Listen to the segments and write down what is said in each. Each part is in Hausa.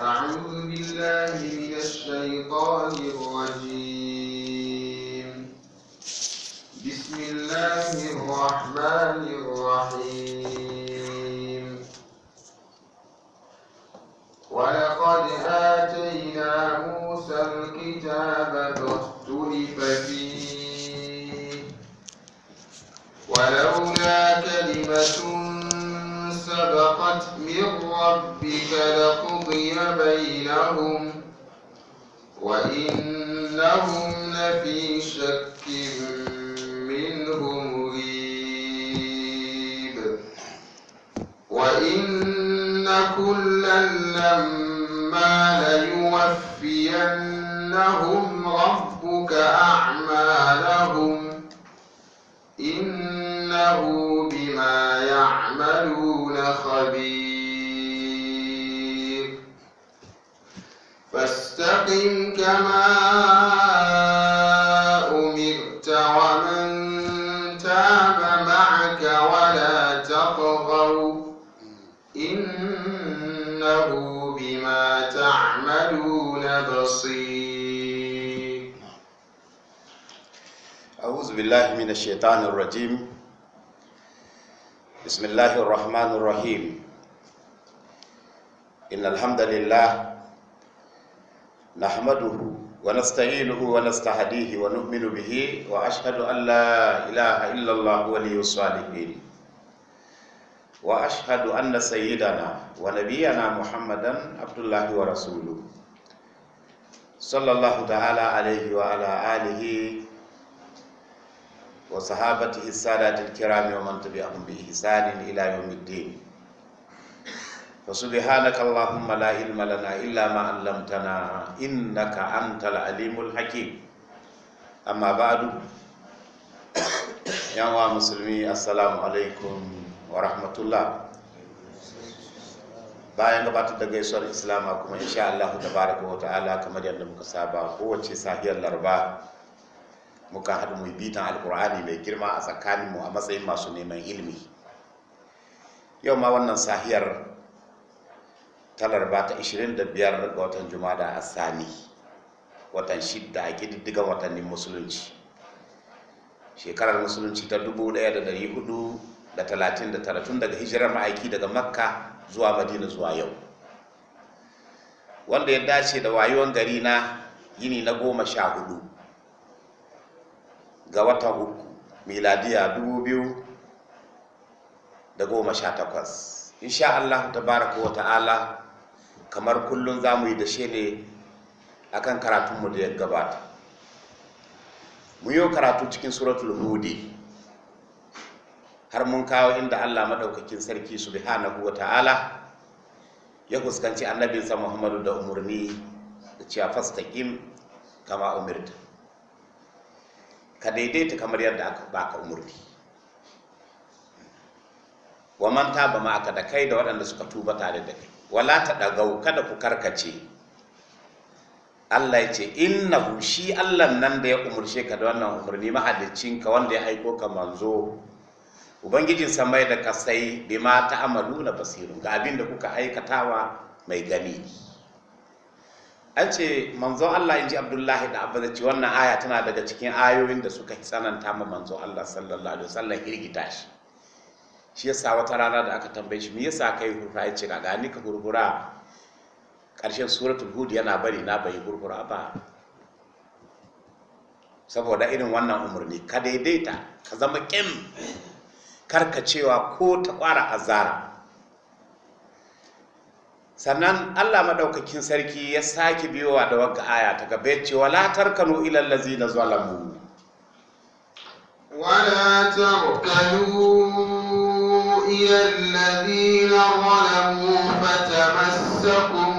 أعوذ بالله من الشيطان الرجيم بسم الله الرحمن الرحيم ولقد آتينا موسى الكتاب فاختلف فيه ولولا كلمة سبقت من ربك لقضي بينهم وإنهم لفي شك منه مريب وإن كلا لما ليوفينهم ربك أعمالهم إنه بما يعملون خبير فاستقم كما أمرت ومن تاب معك ولا تطغوا إنه بما تعملون بصير أعوذ بالله من الشيطان الرجيم بسم الله الرحمن الرحيم إن الحمد لله نحمده ونستعينه ونستهديه ونؤمن به وأشهد أن لا إله إلا الله ولي الصالحين وأشهد أن سيدنا ونبينا محمدا عبد الله ورسوله صلى الله تعالى عليه وعلى آله wa sahabati sadatil kirami wa man tabi'ahum bi ihsanin ila yawmiddin fa subhanaka allahumma la ilma lana illa ma 'allamtana innaka antal alimul hakim amma ba'du yawa musulmi assalamu alaikum wa rahmatullah bayan gabatar da gaisuwar islama kuma insha Allah tabaraka wa ta'ala kamar yadda muka saba kowace sahiyar larba muka haɗu mu bitan alkur'ani mai girma a tsakaninmu a matsayin masu neman ilimi yau ma wannan sahiyar talarba ta 25 ga watan jumada a sani watan shidda a ƙididdigan watannin musulunci shekarar musulunci ta 1439 tun daga hijirar ma'aiki daga makka zuwa madina zuwa yau wanda ya dace da wayewan gari na yini na goma sha hudu ga wata uku miladiya 2018 da goma sha takwas insha Allah tabaraka wa ta'ala kamar kullum za mu yi da shi ne akan karatunmu da ya gabata mu yi karatu cikin suratul hudi har mun kawo inda Allah maɗaukakin sarki subhanahu wa ta'ala ya fuskanci annabinsa Muhammadu da umarni da cewa fasta kama umirta ka daidaita kamar yadda aka baka umarni wa man taba ma aka da kai da waɗanda suka tuba tare da kai wala ta dagau kada ku karkace Allah ya ce innahu shi Allah nan da ya umarce ka da wannan umarni mahalicin ka wanda ya haiko ka manzo ubangijin samai da kasai bima ta amalu na basirun ga abin da kuka aikatawa mai gani an ce manzon Allah in ji Abdullahi da Abba ce wannan aya tana daga cikin ayoyin da suka tsananta ma manzo Allah sallallahu alaihi wasallam hirgita shi shi yasa wata rana da aka tambaye shi me yasa kai hurfa ya ce ga ni ka gurgura karshen suratul hud yana bari na bai gurgura ba saboda irin wannan umarni ka daidaita ka zama kim karka cewa ko ta kwara azara sannan Allah maɗaukakin sarki ya sake biyowa da wagga aya ta gaba ya ce wala tarkanu ilal ladzina zalamu wala tarkanu ilal ladzina zalamu fatamassakum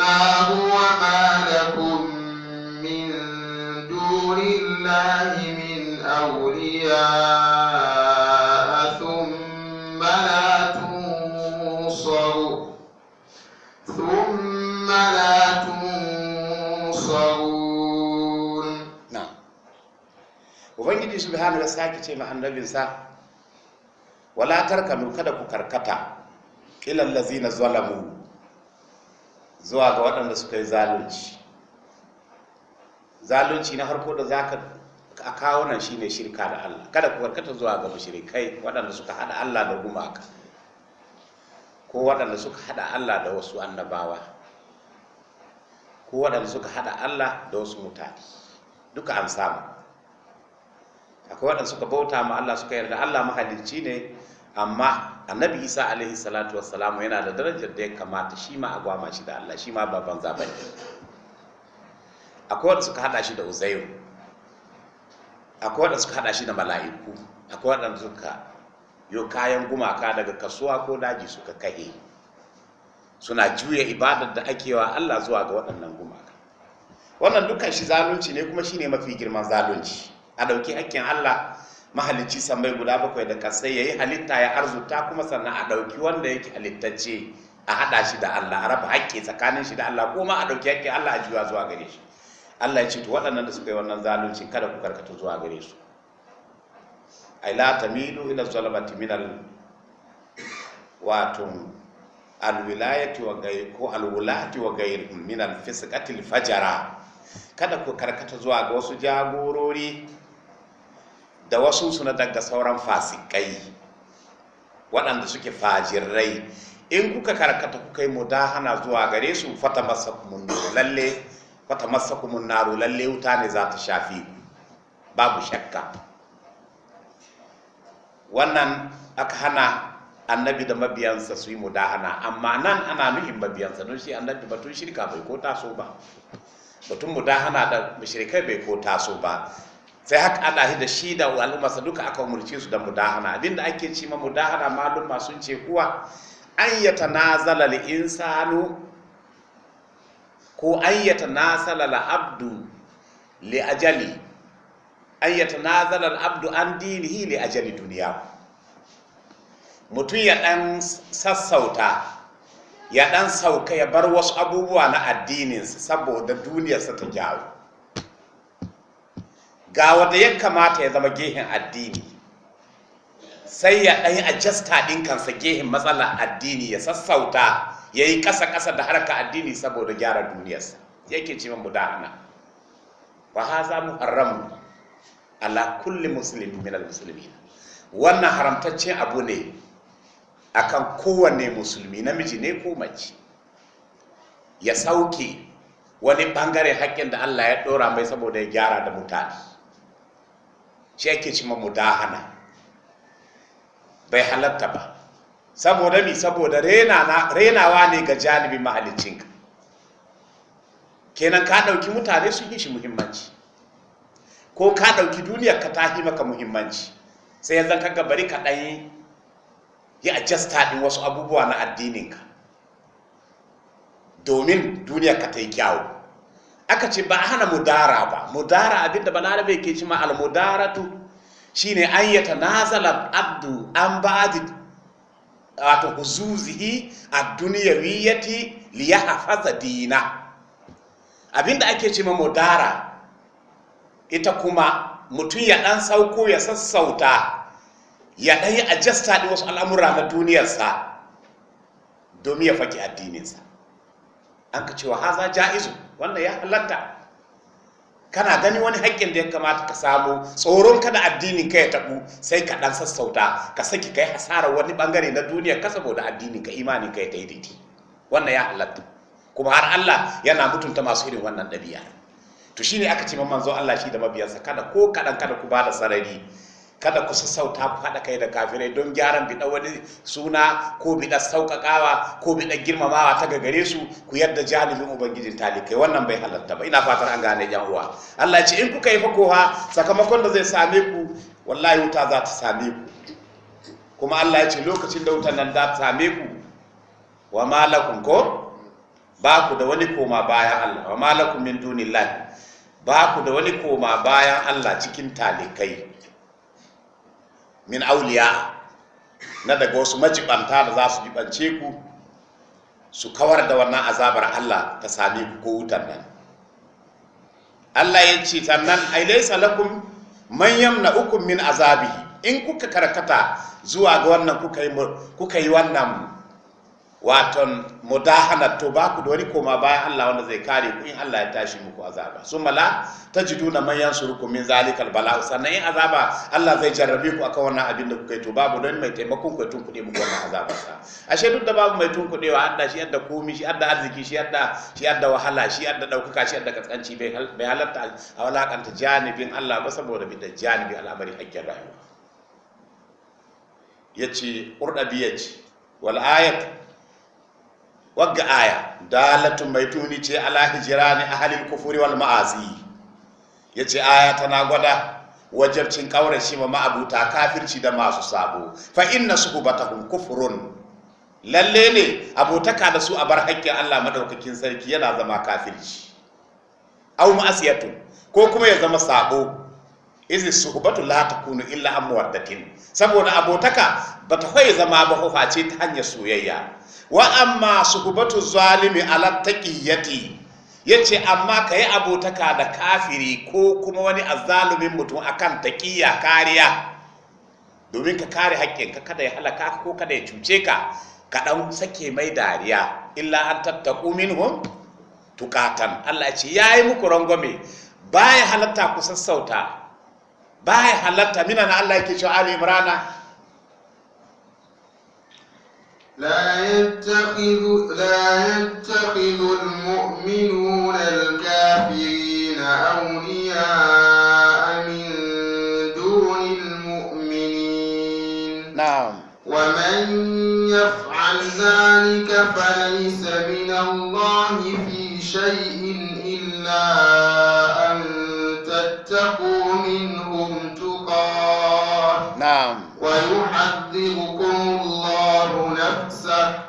nar wa ma lakum min dunillahi min awliya ubangiji subhanahu da sake ce ma annabinsa wala tarkanu kada ku karkata ilal na zalamu zuwa ga waɗanda suka yi zalunci zalunci na harko da zaka a kawo nan shine shirka da Allah kada ku karkata zuwa ga mushrikai waɗanda suka hada Allah da gumaka ko waɗanda suka hada Allah da wasu annabawa ko waɗanda suka hada Allah da wasu mutane duka an samu akwai waɗanda suka bauta ma Allah suka yarda Allah mahalicci ne amma annabi isa alaihi salatu wassalamu yana da darajar da ya kamata shi ma a gwama shi da Allah shi ma ba banza ne akwai waɗanda suka hada shi da uzairu akwai waɗanda suka hada shi da mala'iku akwai waɗanda suka yo kayan gumaka daga kasuwa ko daji suka kahe suna juya ibadar da ake wa Allah zuwa ga waɗannan gumaka wannan dukkan shi zalunci ne kuma shine mafi girman zalunci a ɗauki hakkin Allah mahalicci sammai guda bakwai da kasai ya yi halitta ya arzuta kuma sannan a ɗauki wanda yake halittacce a haɗa shi da Allah a raba hakki tsakanin shi da Allah ko ma a ɗauki hakkin Allah a juya zuwa gare shi Allah ya ce to waɗannan da suka yi wannan zalunci kada ku karkata zuwa gare su ai la tamilu ila zalabati min al wato wilayati wa ghayr ko wulati wa ghayr min al fisqati al fajara kada ku karkata zuwa ga wasu jagorori da wasu suna daga sauran fasikai waɗanda suke fajirai in kuka karkata kuka yi mudahana zuwa gare su fata masa lalle fata masa naru lalle wuta ne za ta shafi babu shakka wannan aka hana annabi da mabiyansa su yi mudahana amma nan ana nuhin mabiyansa don shi annabi batun shirka bai ko taso ba batun mudahana da mashirikai bai ko taso ba sai haka Allah shi da shi da sa duka aka umarci su da mudahana abinda ake ce ma mudahana malumma sun ce kuwa an ya tanazala insanu ko an ya tanazala Abdu li ajali an ya tanazala abdu an dinihi li ajali duniya mutum ya dan sassauta ya dan sauka ya bar wasu abubuwa na addinin saboda duniyarsa ta jawo ga wanda ya kamata ya zama gehen addini sai ya ɗan ajasta ɗin kansa gehen matsala addini ya sassauta ya yi ƙasa-ƙasa da harka addini saboda gyara duniyarsa yake ce mu da ana za mu haram ala kulli min al musulmi. wannan haramtaccen abu ne akan kowane musulmi namiji ne ko mace ya sauke wani bangare haƙƙin da Allah ya ɗora mai saboda ya gyara da mutane shi ake cima mudahana bai halatta ba saboda mi saboda renawa ne ga janibin mahalicinka kenan ka ɗauki mutane su yi shi muhimmanci ko ka ɗauki duniyar ka ta yi maka muhimmanci sai yanzu ka bari ka ɗan yi a jasta ɗin wasu abubuwa na addininka domin duniyar ka ta yi kyawu aka ce ba hana mudara ba mudara abinda balarabe ke ci ma almudaratu shine an yata nazala abdu an ba ba'di wato huzuzihi ad-dunyawiyyati fasa dina abinda ake ce ma mudara ita kuma mutum ya dan sauko ya sassauta ya dan yi ajasta da wasu al'amura na duniyarsa domin ya faki addininsa an ka cewa haza ja'izu Wannan ya halatta kana gani wani haƙƙin da ya kamata ka samu tsoron kada addinin ka ya taɓu sai ka ɗan sassauta ka saki ka yi hasarar wani bangare na duniya ka saboda addinin ka imani ka ya ta yi daidai wannan ya halatta kuma har Allah yana mutunta masu irin wannan ɗabi'a to shine aka ce manzon Allah shi da mabiyansa kada ko kaɗan kada ku ba da sarari kada ku sassauta ku haɗa kai da kafirai don gyaran biɗa wani suna ko biɗa sauƙaƙawa ko biɗa girmamawa ta gagare su ku yadda jalibin ubangijin talikai wannan bai halatta ba ina fatar an gane yan uwa Allah ce in kuka yi kowa sakamakon da zai same ku wallahi wuta za ta same ku kuma Allah ya ce lokacin da wutan nan za ta same ku wa malakum ko ba ku da wani koma bayan Allah wa malakum min dunillahi ba ku da wani koma bayan Allah cikin talikai min auliya na daga wasu majibanta da za su jibance ku su kawar da wannan azabar Allah ta sami ku ko wutan nan Allah ya ce sannan ai laysa lakum man yamna'ukum min azabi in kuka karkata zuwa ga wannan kuka yi wannan waton mudahanat to ba ku da wani koma bayan Allah wanda zai kare ku in Allah ya tashi muku azaba ta la tajiduna manyan suruku min zalikal bala sannan in azaba Allah zai jarrabe ku akan wannan abin da kuka yi to babu don mai taimakon ku tun kuɗe muku wannan azaba sa ashe duk da babu mai tun kuɗe wa Allah shi yadda komi shi yadda arziki shi yadda shi yadda wahala shi yadda daukaka shi yadda katsanci bai halatta a walakanta janibin Allah ba saboda bi da al'amari hakkin rayuwa yace qurdabi yace wal ayat wagga aya dalatu mai tuni ce ala hijirani ahalil kufuri wal ma'asi yace aya tana gwada wajabcin shi ma ma'abuta kafirci da masu sabo fa inna suhubatahum kufrun lalle ne abotaka da su a bar hakkin Allah madaukakin sarki yana zama kafirci aw ma'asiyatu ko kuma ya zama sabo izi suhbatu la takunu illa an saboda abotaka bata kai zama ba face ta hanyar soyayya wa amma suhbatu zalimi ala taqiyati yace amma kayi abotaka da kafiri ko kuma wani azzalumin mutum akan taqiya kariya domin ka kare ka kada ya halaka ko kada ya cuce ka ka dan sake mai dariya illa an tattaku minhum tukatan Allah ya ce yayi muku rangwame baya halatta ku sassauta باهي halatta من أنا Allah yake cewa Ali Imran لا يتخذ لا يتخذ المؤمنون الكافرين أولياء من دون المؤمنين نعم ومن يفعل ذلك فليس من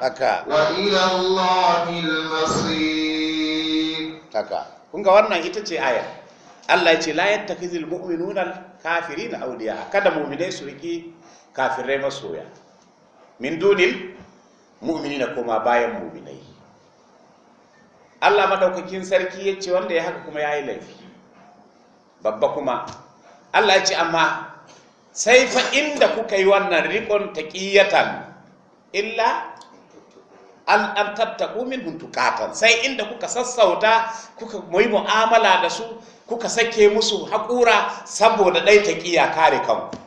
haka wa ila masir haka kun ga wannan ita ce aya Allah ya ce la yattakhizul mu'minuna kafirina awliya kada mu'minai su riki kafirai masoya min dunil mu'minina kuma bayan mu'minai Allah madaukakin sarki ya ce wanda ya haka kuma ya yi laifi babba kuma Allah ya ce amma sai fa inda kuka yi wannan riƙon taƙiyatan illa an an tattaku min tukatan sai inda kuka sassauta kuka mai mu'amala da su kuka sake musu haƙura saboda ɗai ta ƙiya kare kanku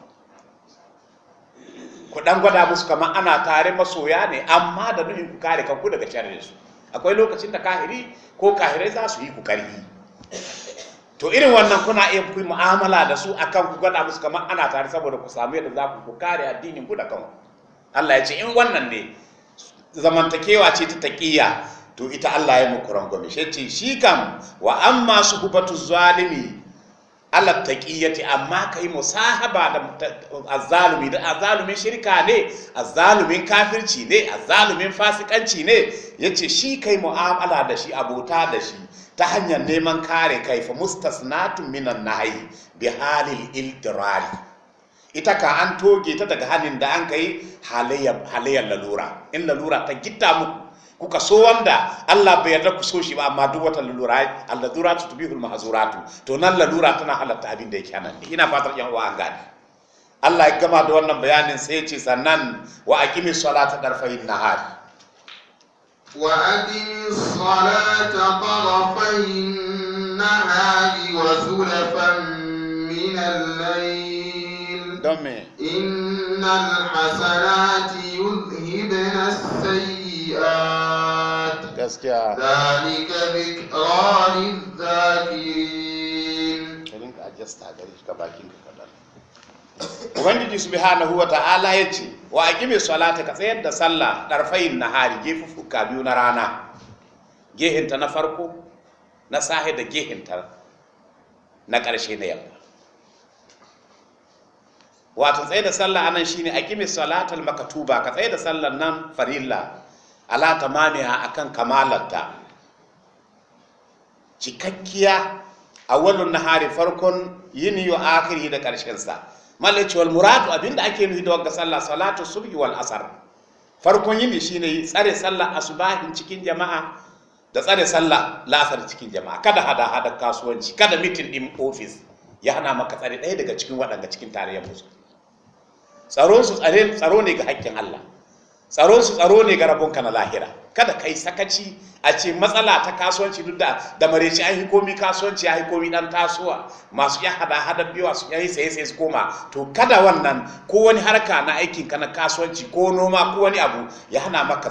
ku ɗan gwada musu kamar ana tare masoya ne amma da nuhin ku kare kanku daga share su akwai lokacin da kahiri ko kahirai za su yi ku karhi to irin wannan kuna iya ku mu'amala da su akan ku gwada musu kamar ana tare saboda ku samu yadda za ku kare addinin ku da kanku Allah ya ce in wannan ne zamantakewa ce ta taƙiya to ita Allah ya muku rangwame shi ce shi kam wa amma hubatu zalimi ala taqiyati amma kai musahaba da azzalumi da azzalumin shirka ne azzalumin kafirci ne azzalumin fasikanci ne yace shi kai mu'amala da shi abota da shi ta hanyar neman kare kai fa mustasnatun minan nahyi bi halil iltirari ita ka an toge ta daga hannun da an kai halayyar lalura in lalura ta gita muku kuka so wanda Allah bai yarda ku so shi ba amma duk wata lalura alladura ta tubihul mahzuratu to nan lalura tana halatta abin da yake nan ina fatar yan uwa an gane Allah ya gama da wannan bayanin sai ya ce sannan wa aqimis salata darfayin nahar wa aqimis salata wa zulafan min al-layl don innal hasanati yudhibna sayyi'at gaskiya zalika dhikra lizakirin ka rinka adjust a gari ka bakin ka kadan ubangiji subhanahu wa ta'ala yace wa aqimi salata ka tsayar da sallah na nahari gefufuka biyu na rana gehinta na farko na sahe da gehinta na ƙarshe na yamma wato tsaye da sallah anan shine aqimi salatal makatuba ka tsaye da sallar nan farilla ala tamamiha akan kamalarta cikakkiya awwalun nahari farkon yini yo akhiri da karshen sa malaci wal muradu abinda ake nufi da wagga sallah salatu subhi wal asar farkon yini shine tsare sallah asubahin cikin jama'a da tsare sallah lasar cikin jama'a kada hada hada kasuwanci kada mitin din office ya hana maka tsare ɗaya daga cikin waɗanda cikin tarayyar musulmi tsaron tsaro ne ga haƙƙin Allah tsaron tsaro ne ga rabonka na lahira kada ka yi sakaci a ce matsala ta kasuwanci duk da da mareci an yi komi kasuwanci ya yi komi dan tasowa masu ya hada hada biwa su yi sai-sai su koma to kada wannan ko wani harka na aikin ka na kasuwanci ko noma ko wani abu ya hana maka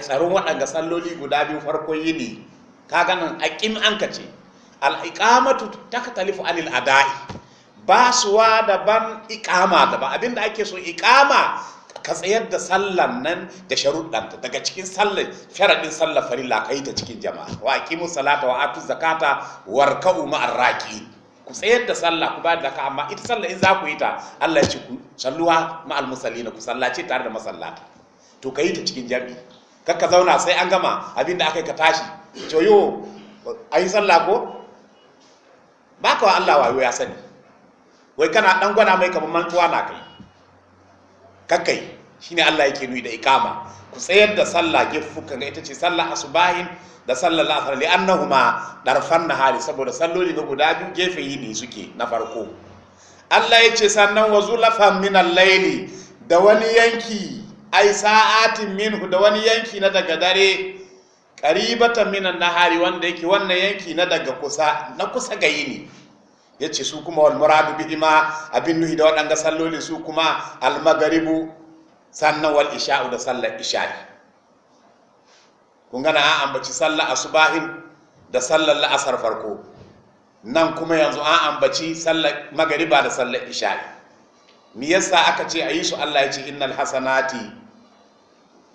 tsaron waɗanda salloli guda biyu farko yini ka ganin aƙin an kace ce al'iƙamatu ta katalifu anil ada'i basuwa daban ikama daban abinda ake so ikama ka tsayar da sallan nan da sharuɗanta daga cikin sallan sharaɗin sallar farilla ka yi ta cikin jama'a wa aqimu salata wa atu zakata warka ma'ar raki ku tsayar da sallah ku ba da ka amma ita sallah in za ku yi ta Allah ya ci ku salluwa ma'al musallina ku sallace tare da masallata to ka yi ta cikin jami'i kar ka zauna sai an gama abin da aka yi ka tashi coyo a yi sallah ko ba ka wa Allah wayo ya sani wai kana dan gwana mai kamar mantuwa na kai kakai ne Allah yake nuni da ikama ku tsayar da sallah giffukan ga ita ce sallah asubahin da sallah la'asar li annahuma darfan nahari saboda salloli na guda biyu gefe yi ne suke na farko Allah ya ce sannan wa zulafan min laili da wani yanki ai sa'atin minhu da wani yanki na daga dare qaribatan minan an-nahari wanda yake wannan yanki na daga kusa na kusa ga yini ya ce su kuma wal muradu bihima abin nuhi da waɗanda sallolin su kuma al magribu sannan wal isha'u da sallar isha'i kun gana an ambaci sallar asubahin da sallar la'asar farko nan kuma yanzu an ambaci sallar magariba da sallar isha'i me yasa aka ce a yi su Allah ya ce innal hasanati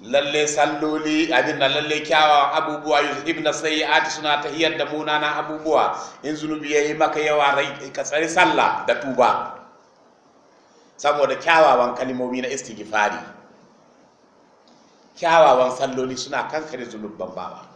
lalle salloli abin da lalle kyawawan abubuwa sai sayyi'ati suna ta hiyar da munana abubuwa in zunubi ya yi maka yawa rai ka tsari sallah da tuba saboda kyawawan kalimomi na istighfari kyawawan salloli suna kankare zunuban bawa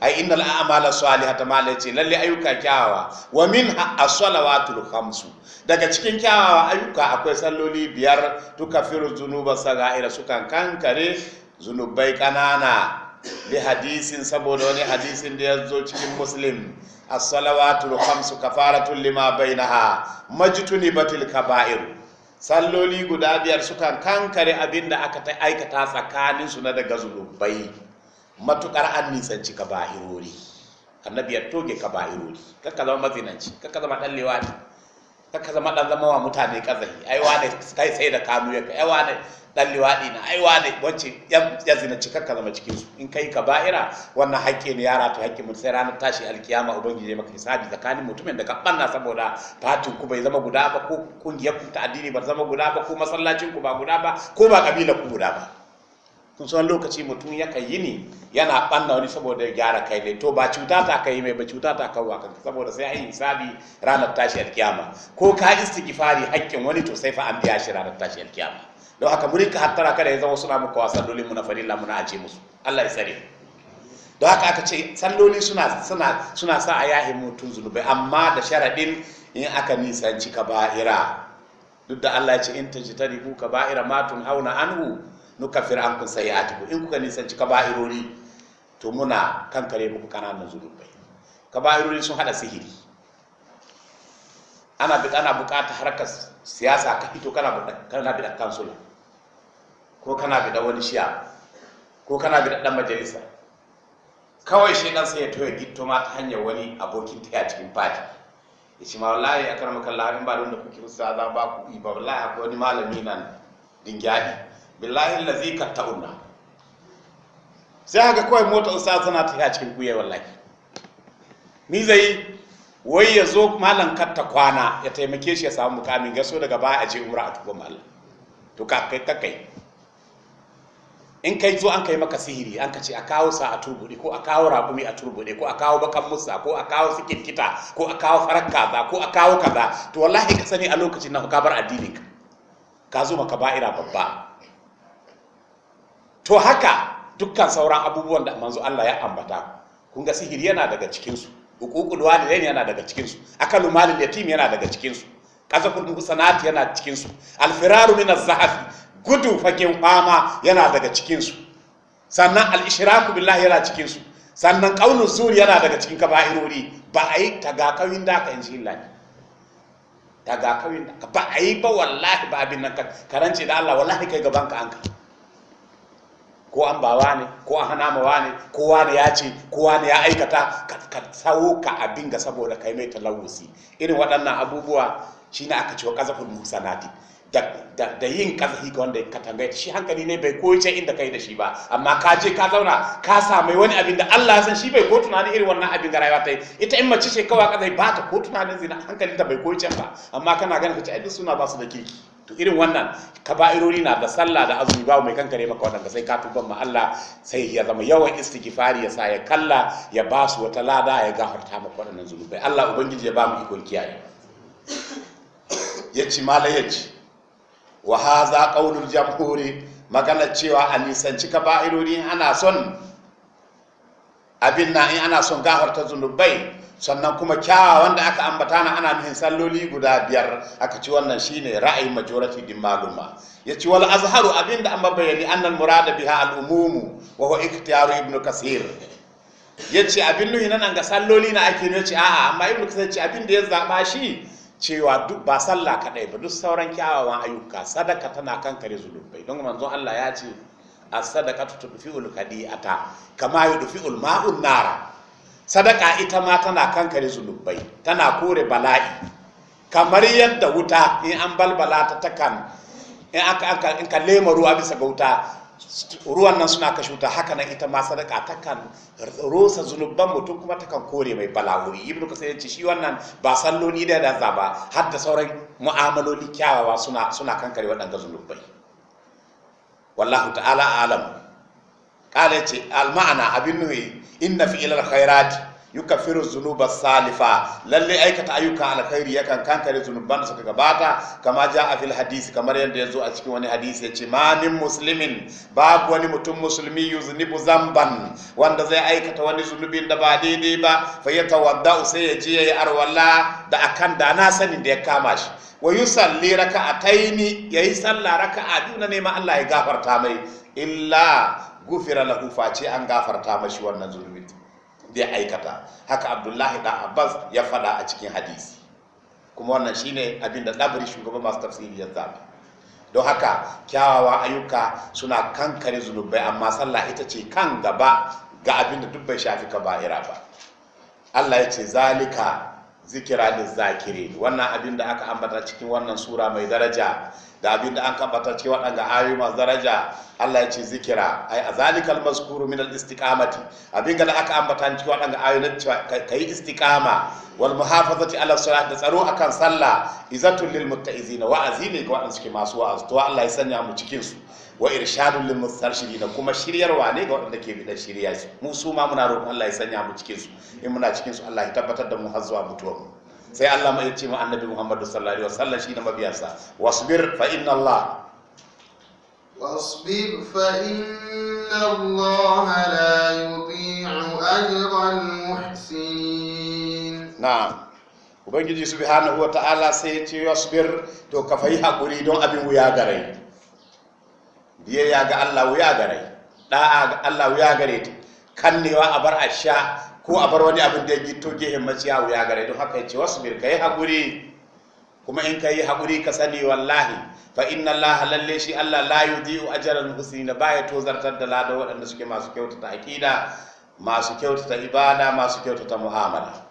ai innal a'mala salihata ma ce lalle ayyuka kyawawa wa min as-salawatul khamsu daga cikin kyawawa ayyuka akwai salloli biyar kafiru dhunuba sagaira sukan kankare zunubai kanana bi hadisin saboda wani hadisin da ya zo cikin muslim as-salawatul khamsu kafaratun lima bainaha batil kaba'ir salloli guda biyar sukan kankare abinda aka aikata tsakaninsu na daga zunubai matukar an nisanci ka bahirori annabi ya toge ka bahirori kakka zama mazinanci kakka zama dan lewati kakka zama dan zama wa mutane kazahi ai wane kai sai da kanu ya kai wane dan na ai wane wacce ya zinaci kakka zama cikin su in kai ka ba'ira wannan haƙƙi ne yara to haƙƙi mutum sai ranar tashi alkiyama ubangiji maka hisabi tsakanin mutumin da ka banna saboda fatin ku bai zama guda ba ko kungiyar ku ta addini ba zama guda ba ko masallacin ku ba guda ba ko ba kabila ku guda ba kun san lokaci mutum yakan yi ne yana ɓanna wani saboda ya gyara kai ne to ba cuta ta kai mai ba cuta ta kawo kan saboda sai an yi hisabi ranar tashi alkiyama ko ka istighfari hakkin wani to sai fa an biya shi ranar tashi alkiyama don haka mun ka hattara kada ya zama suna muka wasan dole muna la muna aje musu Allah ya tsare don haka aka ce salloli suna suna suna sa a yahi mutum zunubai amma da sharadin in aka nisanci ka ba'ira duk da Allah ya ce in ka ba'ira ma hauna anhu nukaffir a sayi'atikum in kuka nisanci kaba'irori to muna kankare muku kananan zunubai kaba'irori sun hada sihiri ana ana bukata harkar siyasa ka fito kana kana bi da kansula ko kana bi da wani shiya ko kana bi da dan majalisa kawai shi dan sai ya toye gitto ma ta hanyar wani abokin ta cikin fati ya ce ma wallahi a karamar kallarin ba da kuke za ba ku ba wallahi akwai wani malami nan dingyadi billahi allazi ka sai haka kawai mota usa tana tafiya cikin kuye wallahi ni zai wai ya zo malam katta kwana ya taimake shi ya samu mukamin gaso daga baya a je umra a tuba malam to ka kai ka kai in kai zo an kai maka sihiri an ka ce a kawo sa a turbuɗe ko a kawo raƙumi a turbuɗe ko a kawo bakan musa ko a kawo kita ko a kawo farar kaza ko a kawo kaza to wallahi ka sani a lokacin nan ka bar addinin ka ka zo maka ba'ira babba to haka dukkan sauran abubuwan da manzo Allah ya ambata kun ga sihiri yana daga cikin su hukukul walidain yana daga cikin su akalu malil yatim yana daga cikin su kazaful muhsanat yana cikin su alfiraru min azhaf gudu fakin fama yana daga cikin su sannan al-ishraku billahi yana cikin su sannan qaulun zuri yana daga cikin kaba'irori ba ai yi tagakawin da aka inji Allah tagakawin da ba ai yi ba wallahi ba abin nan karanci da Allah wallahi kai gaban ka an ka ko an ba wani ko an hana ma wani ko wani ya ce ko wani ya aikata ka sauka ka abin ga saboda kai mai talawusi irin waɗannan abubuwa shine aka ce wa kazafin musanati da yin kazahi ga wanda ka tambaye shi hankali ne bai koyi ce inda kai da shi ba amma ka je ka zauna ka samu wani abin da Allah ya san shi bai ko tunanin irin wannan abin ga rayuwa ta yi ita in mace ce kawai kazahi ba ta ko tunanin zina hankali da bai koyi ce ba amma kana ganin ka ce ai suna ba su da kirki to irin wannan kaba'irori na da sallah da azumi babu mai kankare maka wadanda sai ka tuban ma Allah sai ya zama yawan istighfari ya sa ya kalla ya ba su wata lada ya gafarta maka wadannan zunubai Allah ubangiji ya ba mu ikon kiyaye ya ci mala ya wa jamhuri magana cewa a nisanci kaba'irori ana son abin na in ana son gafarta zunubai sannan kuma kyawawan da aka ambata na ana nufin salloli guda biyar aka ci wannan shine ra'ayin majority din maluma ya ci wal azharu abinda an bayyani annal murada biha al umumu wa huwa ikhtiyaru ibn kasir ya ce abin nuhi nan ga salloli na ake ne ce a'a amma ibn kasir ce abin da ya zaba shi cewa duk ba sallah kaɗai ba duk sauran kyawawan ayyuka sadaka tana kan kare zulubai don manzo Allah ya ce as-sadaqatu tudfi'ul qadi'ata kama yudfi'ul ma'un nara sadaka ita ma tana kankare zunubai tana kore bala'i kamar yadda wuta in an balbala ta takan in aka in ka lema ruwa bisa ga wuta ruwan nan suna kashe wuta haka nan ita ma sadaka takan rosa zunuban mutum kuma takan kore mai balawuri ibnu kasir yace shi wannan ba salloni da da ba har da sauran mu'amaloli kyawawa suna suna kankare waɗanda zunubai wallahu ta'ala alam kala ce alma'ana abin nuhi inna fi ilal khairat yukaffiru dhunuba salifa lalle aikata ayyuka alkhairi yakan kankare zunuban da suka gabata kama ja a fil hadisi kamar yadda yazo a cikin wani hadisi ya ce min musulmin babu wani mutum musulmi yuznibu zamban wanda zai aikata wani zunubin da ba daidai ba fa yatawadda sai ya je yayi arwala da akan da na sani da ya kama shi wa yusalli raka'ataini yayi sallah raka'a biyu na neman Allah ya gafarta mai illa gufira lahu ce an gafarta mashi wannan Zai da aikata haka abdullahi da abbas ya fada a cikin hadisi kuma wannan shine abin da dabari shugaban masu tafsiri ya zabi don haka kyawawa ayyuka suna kankare zunubai amma sallah ita ce kan gaba ga abin da duk shafi ka ba'ira ba Allah ya ce zalika zikira zakiri. wannan abin da aka ambata cikin wannan sura mai daraja da abin da aka bata ce waɗanda ayoyi masu daraja Allah ya ce zikira ai a zalikal mazkuru min al istiqamati abin da aka ambata ce waɗanda ayoyi na kai istiqama wal muhafazati ala salat da tsaro akan sallah izatul lil mutta'izina wa'azi ne ga waɗanda suke masu wa'azi to Allah ya sanya mu cikin su wa irshadul lil mustarshidina kuma shiryarwa ne ga waɗanda ke bidan shiriya su mu su ma muna roƙon Allah ya sanya mu cikin su in muna cikin su Allah ya tabbatar da mu har zuwa mutuwar mu sai Allah mai ce ma annabi Muhammadu sallallahu alaihi wasallam shi da mabiyansa wasbir fa inna Allah wasbir fa inna Allah la yudhi'u ajran muhsinin na'am ubangiji subhanahu wata'ala sai ya ce wasbir to ka fayi hakuri don abin wuya gare Biye ya ga Allah wuya gare da'a ga Allah wuya gare ta kannewa a bar asha ko a bar wani abin da ya gito gehen maciya wuya gare don haka ya yace bir kai haƙuri? kuma in kai haƙuri ka sani wallahi fa inna allaha lalle shi allah la yudhi'u ajral ba baya tozartar da lada waɗanda suke masu kyautata aqida masu kyautata ibada masu kyautata mu'amala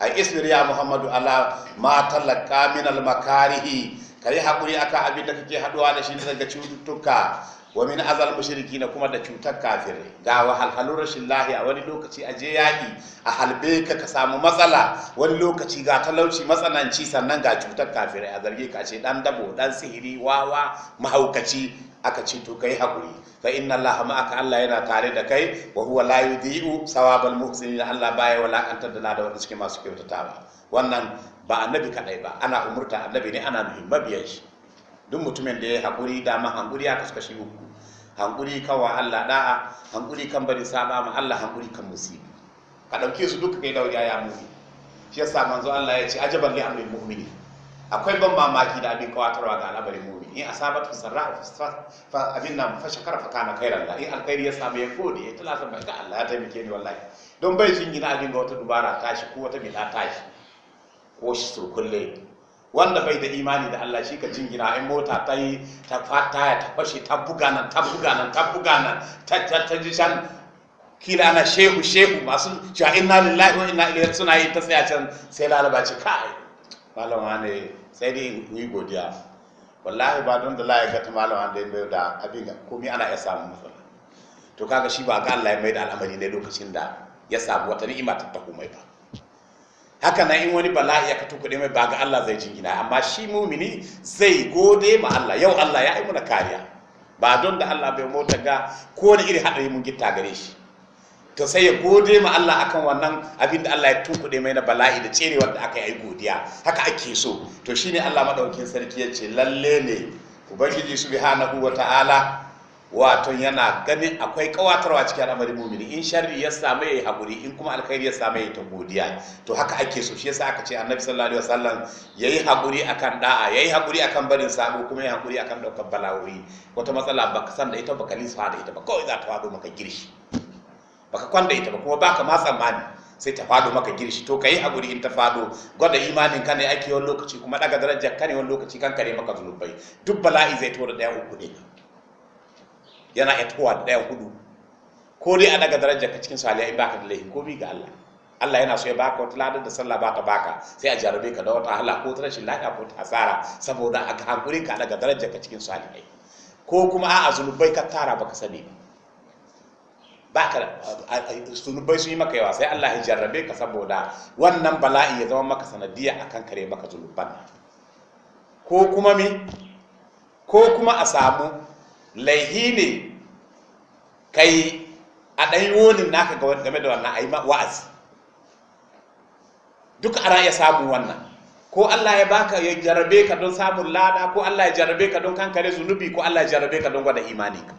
A isbir ya muhammadu ala ma talaka min al makarihi kai hakuri akan abin da kake haɗuwa da shi daga cututtuka wa min azal mushriki na kuma da cutar kafirai ga wahalhalun rashin a wani lokaci a je yaƙi a halbe ka ka samu matsala wani lokaci ga talauci matsananci sannan ga cutar kafirai a zarge ka ce dan dabo dan sihiri wawa mahaukaci aka ce to kai hakuri fa inna allaha ma'aka allah yana tare da kai wa huwa la yudhi'u sawabal muhsinin allah baya walakantar da ladan wanda suke masu kyautatawa wannan ba annabi kadai ba ana umurta annabi ne ana muhimmabiyan shi duk mutumin da ya yi hakuri dama mahanguri ya kaskashi uku hankuri kan wa Allah da'a hankuri kan bari saba ma Allah hankuri kan musibi ka dauke su duka kai dauriya ya mu shi yasa manzo Allah ya ce ajaban li amrin mu'mini akwai ban mamaki da abin kawatarwa ga alabarin mu'mini in asabatu sarra fa abin nan fa shakar fa kana khairan la in alkhairi ya samu ya gode ya tilasa ba ga Allah ya taimake ni wallahi don bai jin gina abin ga wata dubara tashi ko wata bila tashi ko shi surkulle wanda bai da imani da Allah shi ka jingina in mota ta yi ta fata ta fashe ta buga nan ta buga nan ta buga nan ta ta ta ji shan kila ana shehu shehu masu cewa inna lillahi wa inna ilaihi suna yi ta tsaya can sai lalaba ce kai malama ne sai dai yi godiya wallahi ba don da la ga ta malama da bai da abin komai ana ya samu matsala to kaga shi ba ga Allah ya mai da al'amari ne lokacin da ya samu wata ni'ima ta tafi mai ba haka na in wani bala'i ya kato kuɗi mai ba ga Allah zai jingina amma shi mumini zai gode ma Allah yau Allah ya yi muna kariya ba don da Allah bai mota ga kowane iri haɗari mun gitta gare shi to sai ya gode ma Allah akan wannan abin da Allah ya kuɗi mai na bala'i da cerewar da aka yi godiya haka ake so to shine Allah madaukin sarki ya ce lalle ne ubangiji subhanahu wa ta'ala wato yana ganin akwai kawatarwa cikin al'amarin mumini in sharri ya samu yayi hakuri in kuma alkhairi ya samu yayi godiya. to haka ake so shi yasa aka ce annabi sallallahu alaihi wasallam yayi hakuri akan da'a yayi hakuri akan barin sabo kuma yayi hakuri akan daukar bala'o'i wata matsala baka san da ita baka lisa da ita ba kawai za ta faɗo maka girshi baka kwanda ita ba kuma baka ma tsammani sai ta faɗo maka girshi to kai hakuri in ta faɗo, gwada imanin ka ne ake wani lokaci kuma daga darajar ka ne wani lokaci kan kare maka zunubai duk bala'i zai tura daya uku ne yana hitowa da ɗayan hudu ko dai a daga darajar ka cikin salihai baka da laifi bi ga Allah Allah yana so ya baka wata ladar da sallah baka baka sai a jarabe ka da wata hala ko ta rashin lafiya ko ta hasara saboda a hankuri ka daga darajar ka cikin salihai ko kuma a'a zunubai ka tara baka sani ba baka zunubai sun yi maka yawa sai Allah ya jarabe ka saboda wannan bala'i ya zama maka sanadiyya akan kare maka zunuban ko kuma mi ko kuma a samu laihi ne kai a ɗan wonin naka game da wannan a yi wa'azi duk ana iya samun wannan ko Allah ya baka ya jarabe ka don samun lada ko Allah ya jarabe ka don kankare zunubi ko Allah ya jarabe ka don gwada imani ka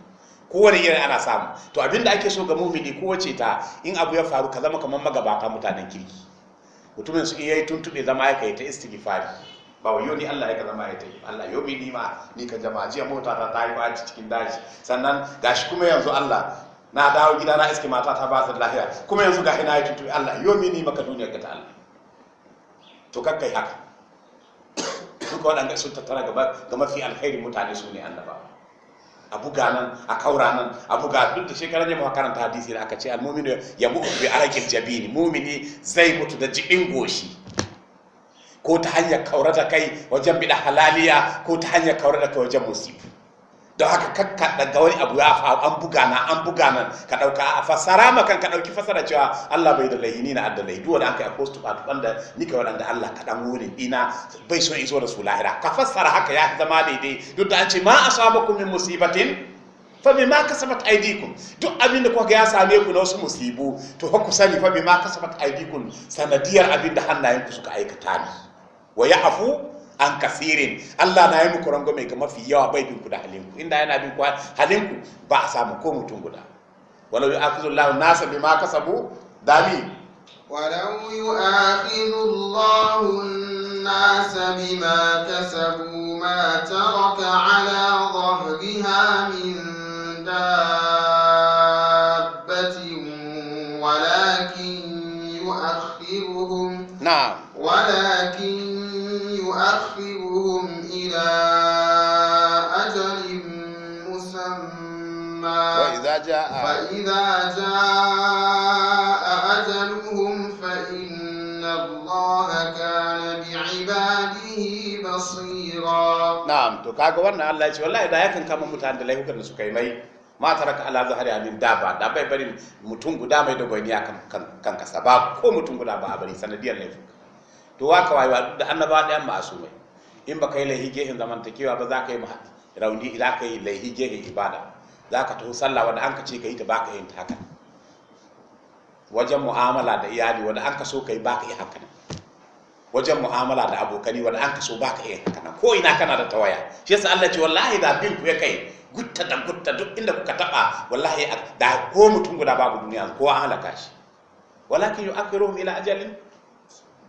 wani irin ana samu to abin da ake so ga mumini kowace ta in abu ya faru ka zama kamar magabata mutanen kirki mutumin su iya yi tuntuɓe zama ya kai ta istighfari ba wa yoni Allah ya ka zama ya ta yi Allah yomi ni ma ni ka jama jiya mota ta ta yi ci cikin daji sannan gashi kuma yanzu Allah na dawo gida na iske mata ta ba ta lafiya kuma yanzu gashi na yi cutu Allah yomi ni ka duniya ka ta Allah to kakkai haka duka waɗanda sun tattara gaba ga mafi alkhairi mutane su ne ba a buga nan a kaura nan a buga duk da shekarar yamma karanta hadisi da aka ce almominu ya mutu bi arakin jabini mumini zai mutu da jibin goshi ko ta hanyar kaura da kai wajen bida halaliya ko ta hanyar kaura da kai wajen musibu don haka kakka daga wani abu ya faru an buga na an buga nan ka dauka a fasara makan ka dauki fasara cewa Allah bai da laihini na adda laihi duwanda aka yi apostle ba wanda nika wadanda Allah ka dan wuri dina bai so iso da su lahira ka fassara haka ya zama daidai duk da an ce ma asabakum min musibatin fa bima kasabat aydikum duk abin da kuka ya same ku na wasu musibu to ku sani fa bima kasabat aydikum sanadiyar abin da hannayen ku suka aikata ne ويعفو عن كثير الله نا يمو كورون غومي كما في يا باي بين كودا حلينكو ان دا ينا بين كو حلينكو با سامو كو مو تونغودا ولو يؤاخذ الله الناس بما كسبوا دامي ولو يؤاخذ الله الناس بما كسبوا ما ترك على ظهرها من دابة جاء فإذا جاء wannan Allah ya ce wallahi da kan kama mutane da laifukan da suka yi mai ma taraka ala zahari da ba da bai bari mutum guda mai dogoniya a kan kasa ba ko mutum guda ba a bari sanadiyar laifuka to waka wayewa da annabawa ɗayan ma'asumai in ba yi laihi gehen zamantakewa ba za ka yi rauni za ka yi laihi gehen ibada za ka taho sallah wanda an ka ce ka yi ta ba ka yin ta haka wajen mu'amala da iyali wanda an ka so ka yi ba ka yi haka wajen mu'amala da abokani wanda an ka so ba ka yi haka ko ina kana da tawaya shi yasa Allah ce wallahi da bin ku ya kai gutta da gutta duk inda kuka taba wallahi da ko mutum guda babu duniya ko an halaka shi walakin yu'akhiruhum ila ajalin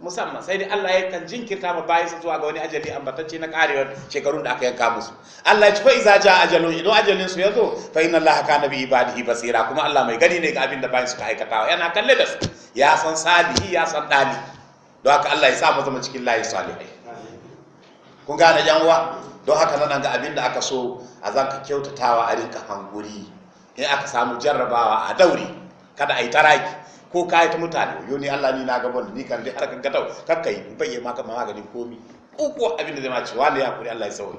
musamman sai dai Allah ya kan jinkirta ma su zuwa ga wani ajali ambatacce na karewar shekarun da aka yanka musu Allah ya ci fa iza ja ajalun idan ajalin su yazo fa inna Allah kana bi ibadihi basira kuma Allah mai gani ne ga abin da bayan suka aikata yana kalle da su ya san salihi ya san dali don haka Allah ya sa mu zama cikin layi salihai kun gane yan uwa don haka nan ga abin da aka so a zanka kyautatawa a rinka hanguri in aka samu jarrabawa a dauri kada a yi taraki ko ka yi ta mutane yau ne Allah ni na ga bon ni kan dai har kan gatau yi bayye ma kama maganin komi uku abin da zai ma ci wani ya kuri Allah ya sauri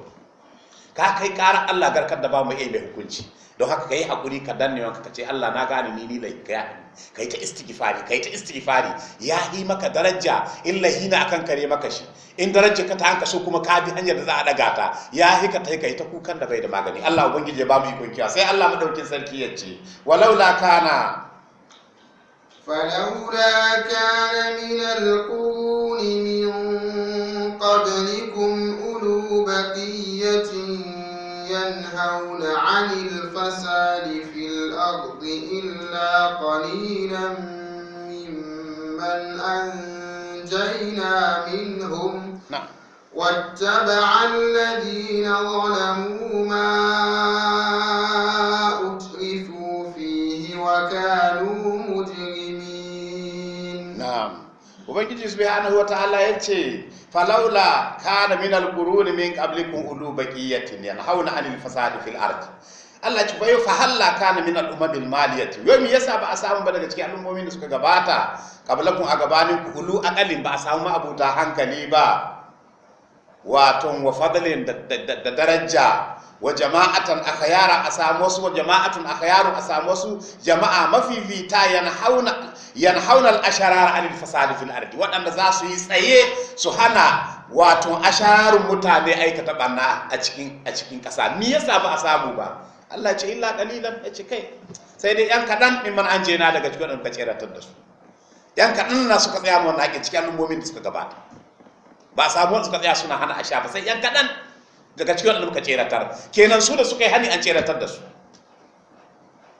ka kai ƙara Allah garkar da ba mu iya mai hukunci don haka ka yi haƙuri ka danne wanka ka ce Allah na gane ni ni lai ka kai ta istighfari kai ta istighfari ya yi maka daraja illa hina akan kare maka shi in daraja ka ta hanka so kuma ka bi hanyar da za a daga ta ya yi ka tai kai ta kukan da bai da magani Allah ubangiji ya ba mu ikon kiya sai Allah madaukin sarki ya ce walaula kana فلولا كان من القرون من قبلكم أولو بقية ينهون عن الفساد في الأرض إلا قليلا ممن أنجينا منهم نعم واتبع الذين ظلموا ما أترفوا فيه وكانوا ubangiji subhanahu wa ta'ala ce falaula kana min alqurun min qablikum ulu baqiyatin yanhauna anil fasadi fil ardi Allah ci bayo fa halla kana min al-umamil maliyati yau me yasa ba a samu ba daga cikin al'ummomin da suka gabata qablakum a gabanin ulu aqalin ba a samu abuta hankali ba wato wa fadlin da daraja wa jama'atan akhyara a samu wasu wa jama'atun akhyaru a samu wasu jama'a mafifita yanhauna yanhauna al-asharar anil fasad fil ardi waɗanda za su yi tsaye su hana wato ashararun mutane aikata banna a cikin a cikin ƙasa me yasa ba a samu ba Allah ce illa qalilan ya ce kai sai dai yan kaɗan in man an je daga cikin ɗan kaceratar da su yan kaɗan na suka tsaya mu na cikin al'ummomin da suka gabata ba a samu suka tsaya suna hana asha ba sai yan kaɗan daga cikin wanda muka ceratar kenan su da suka yi hani an ceratar da su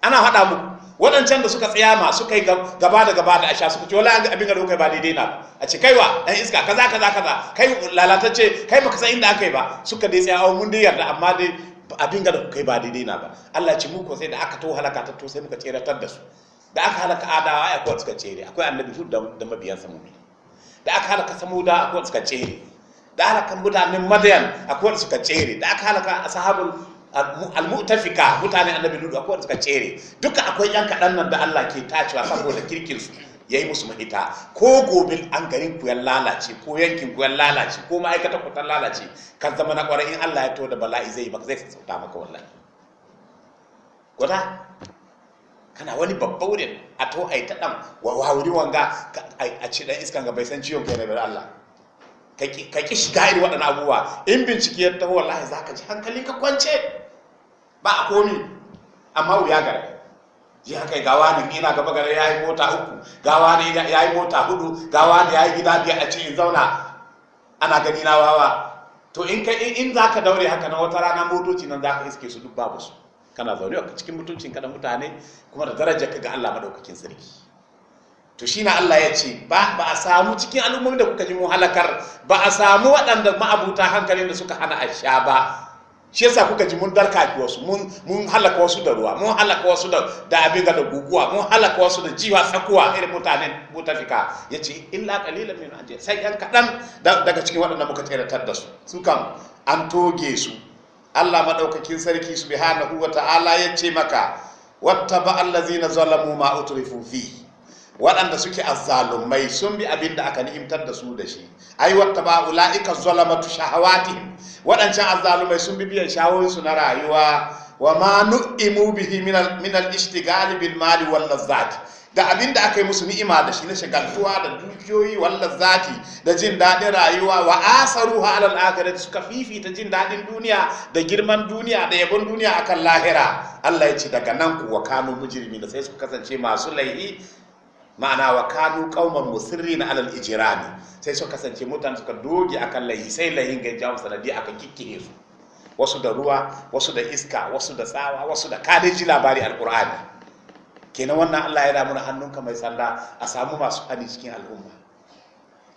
ana haɗa mu waɗancan da suka tsayama suka yi gaba da gaba da asha suka ce wala an ga abin da kai ba daidai na a ce kaiwa ɗan iska kaza kaza kaza kai lalatacce kai maka san inda aka yi ba suka dai tsaya mun dai yarda amma dai abin da kai ba daidai na ba Allah ci mu ko sai da aka to halaka ta to sai muka ceratar da su da aka halaka adawa akwai suka cere akwai annabi hud da mabiyansa mu da aka halaka samuda akwai suka cere da halakan mutanen madayan a wanda suka cere da aka halaka ashabul almu'tafika mutanen annabi ludu a wanda suka cere duka akwai yan kaɗan nan da Allah ke tacewa saboda kirkin su yi musu mahita ko gobe an garin ku ya lalace ko yankin ku ya lalace ko ma'aikata ku lalace kan zama na kwarai in Allah ya to da bala'i zai maka zai sauta maka gwada kana wani babba wurin a to a yi ta ɗan wa wuri wanga a ce ɗan iskan ga bai san ciwon kai Allah ka ƙi shiga irin waɗannan abubuwa in bincike ya taho wallahi za ka ji hankali ka kwance ba a komi amma wuya gare ji haka gawa ne ina gaba gare ya yi mota uku gawa ne ya yi mota hudu gawa ne ya yi gida biyar a cikin zauna ana gani na wawa to in ka in za ka daure haka na wata rana motoci nan za ka iske su duk babu su kana zaune a cikin mutuncin ka da mutane kuma da darajar ka ga Allah madaukakin sarki to shi na Allah ya ce ba a samu cikin al'ummomin da kuka ji mu halakar ba a samu waɗanda ma'abuta hankalin da suka hana a sha ba shi yasa kuka ji mun darka wasu mun halaka wasu da ruwa mun halaka wasu da abin da guguwa mun halaka wasu da jiwa tsakuwa irin mutanen mutafika ya ce illa kalilan min ajiya sai yan kaɗan daga cikin waɗanda muka tseratar da su su kam an toge su Allah maɗaukakin sarki subhanahu wa ta'ala ya ce maka wattaba allazina zalamu ma utrifu fihi waɗanda suke azzalumai sun bi abin da aka ni'imtar da su da shi ai wata ba ula'ika zalamatu shahawati waɗancan azzalumai sun bi biyan shawararsu na rayuwa wa ma nu'imu bihi min al galibin bil mali wal lazzati da abin da aka yi musu ni'ima da shi na shagaltuwa da dukiyoyi walla zaki. da jin daɗin rayuwa wa asaru halal akhirat suka fifita jin daɗin duniya da girman duniya da yabon duniya akan lahira Allah ya ce daga nan kuwa kanu mujrimi da sai suka kasance masu laihi ma'ana wa kanu sirri na alal ijirani sai suka kasance mutane suka doge akan layi sai layin ga jawo sanadi aka kikkire su wasu da ruwa wasu da iska wasu da tsawa wasu da kadeji labari alkur'ani kenan wannan Allah ya mana hannunka mai sanda a samu masu hali cikin al'umma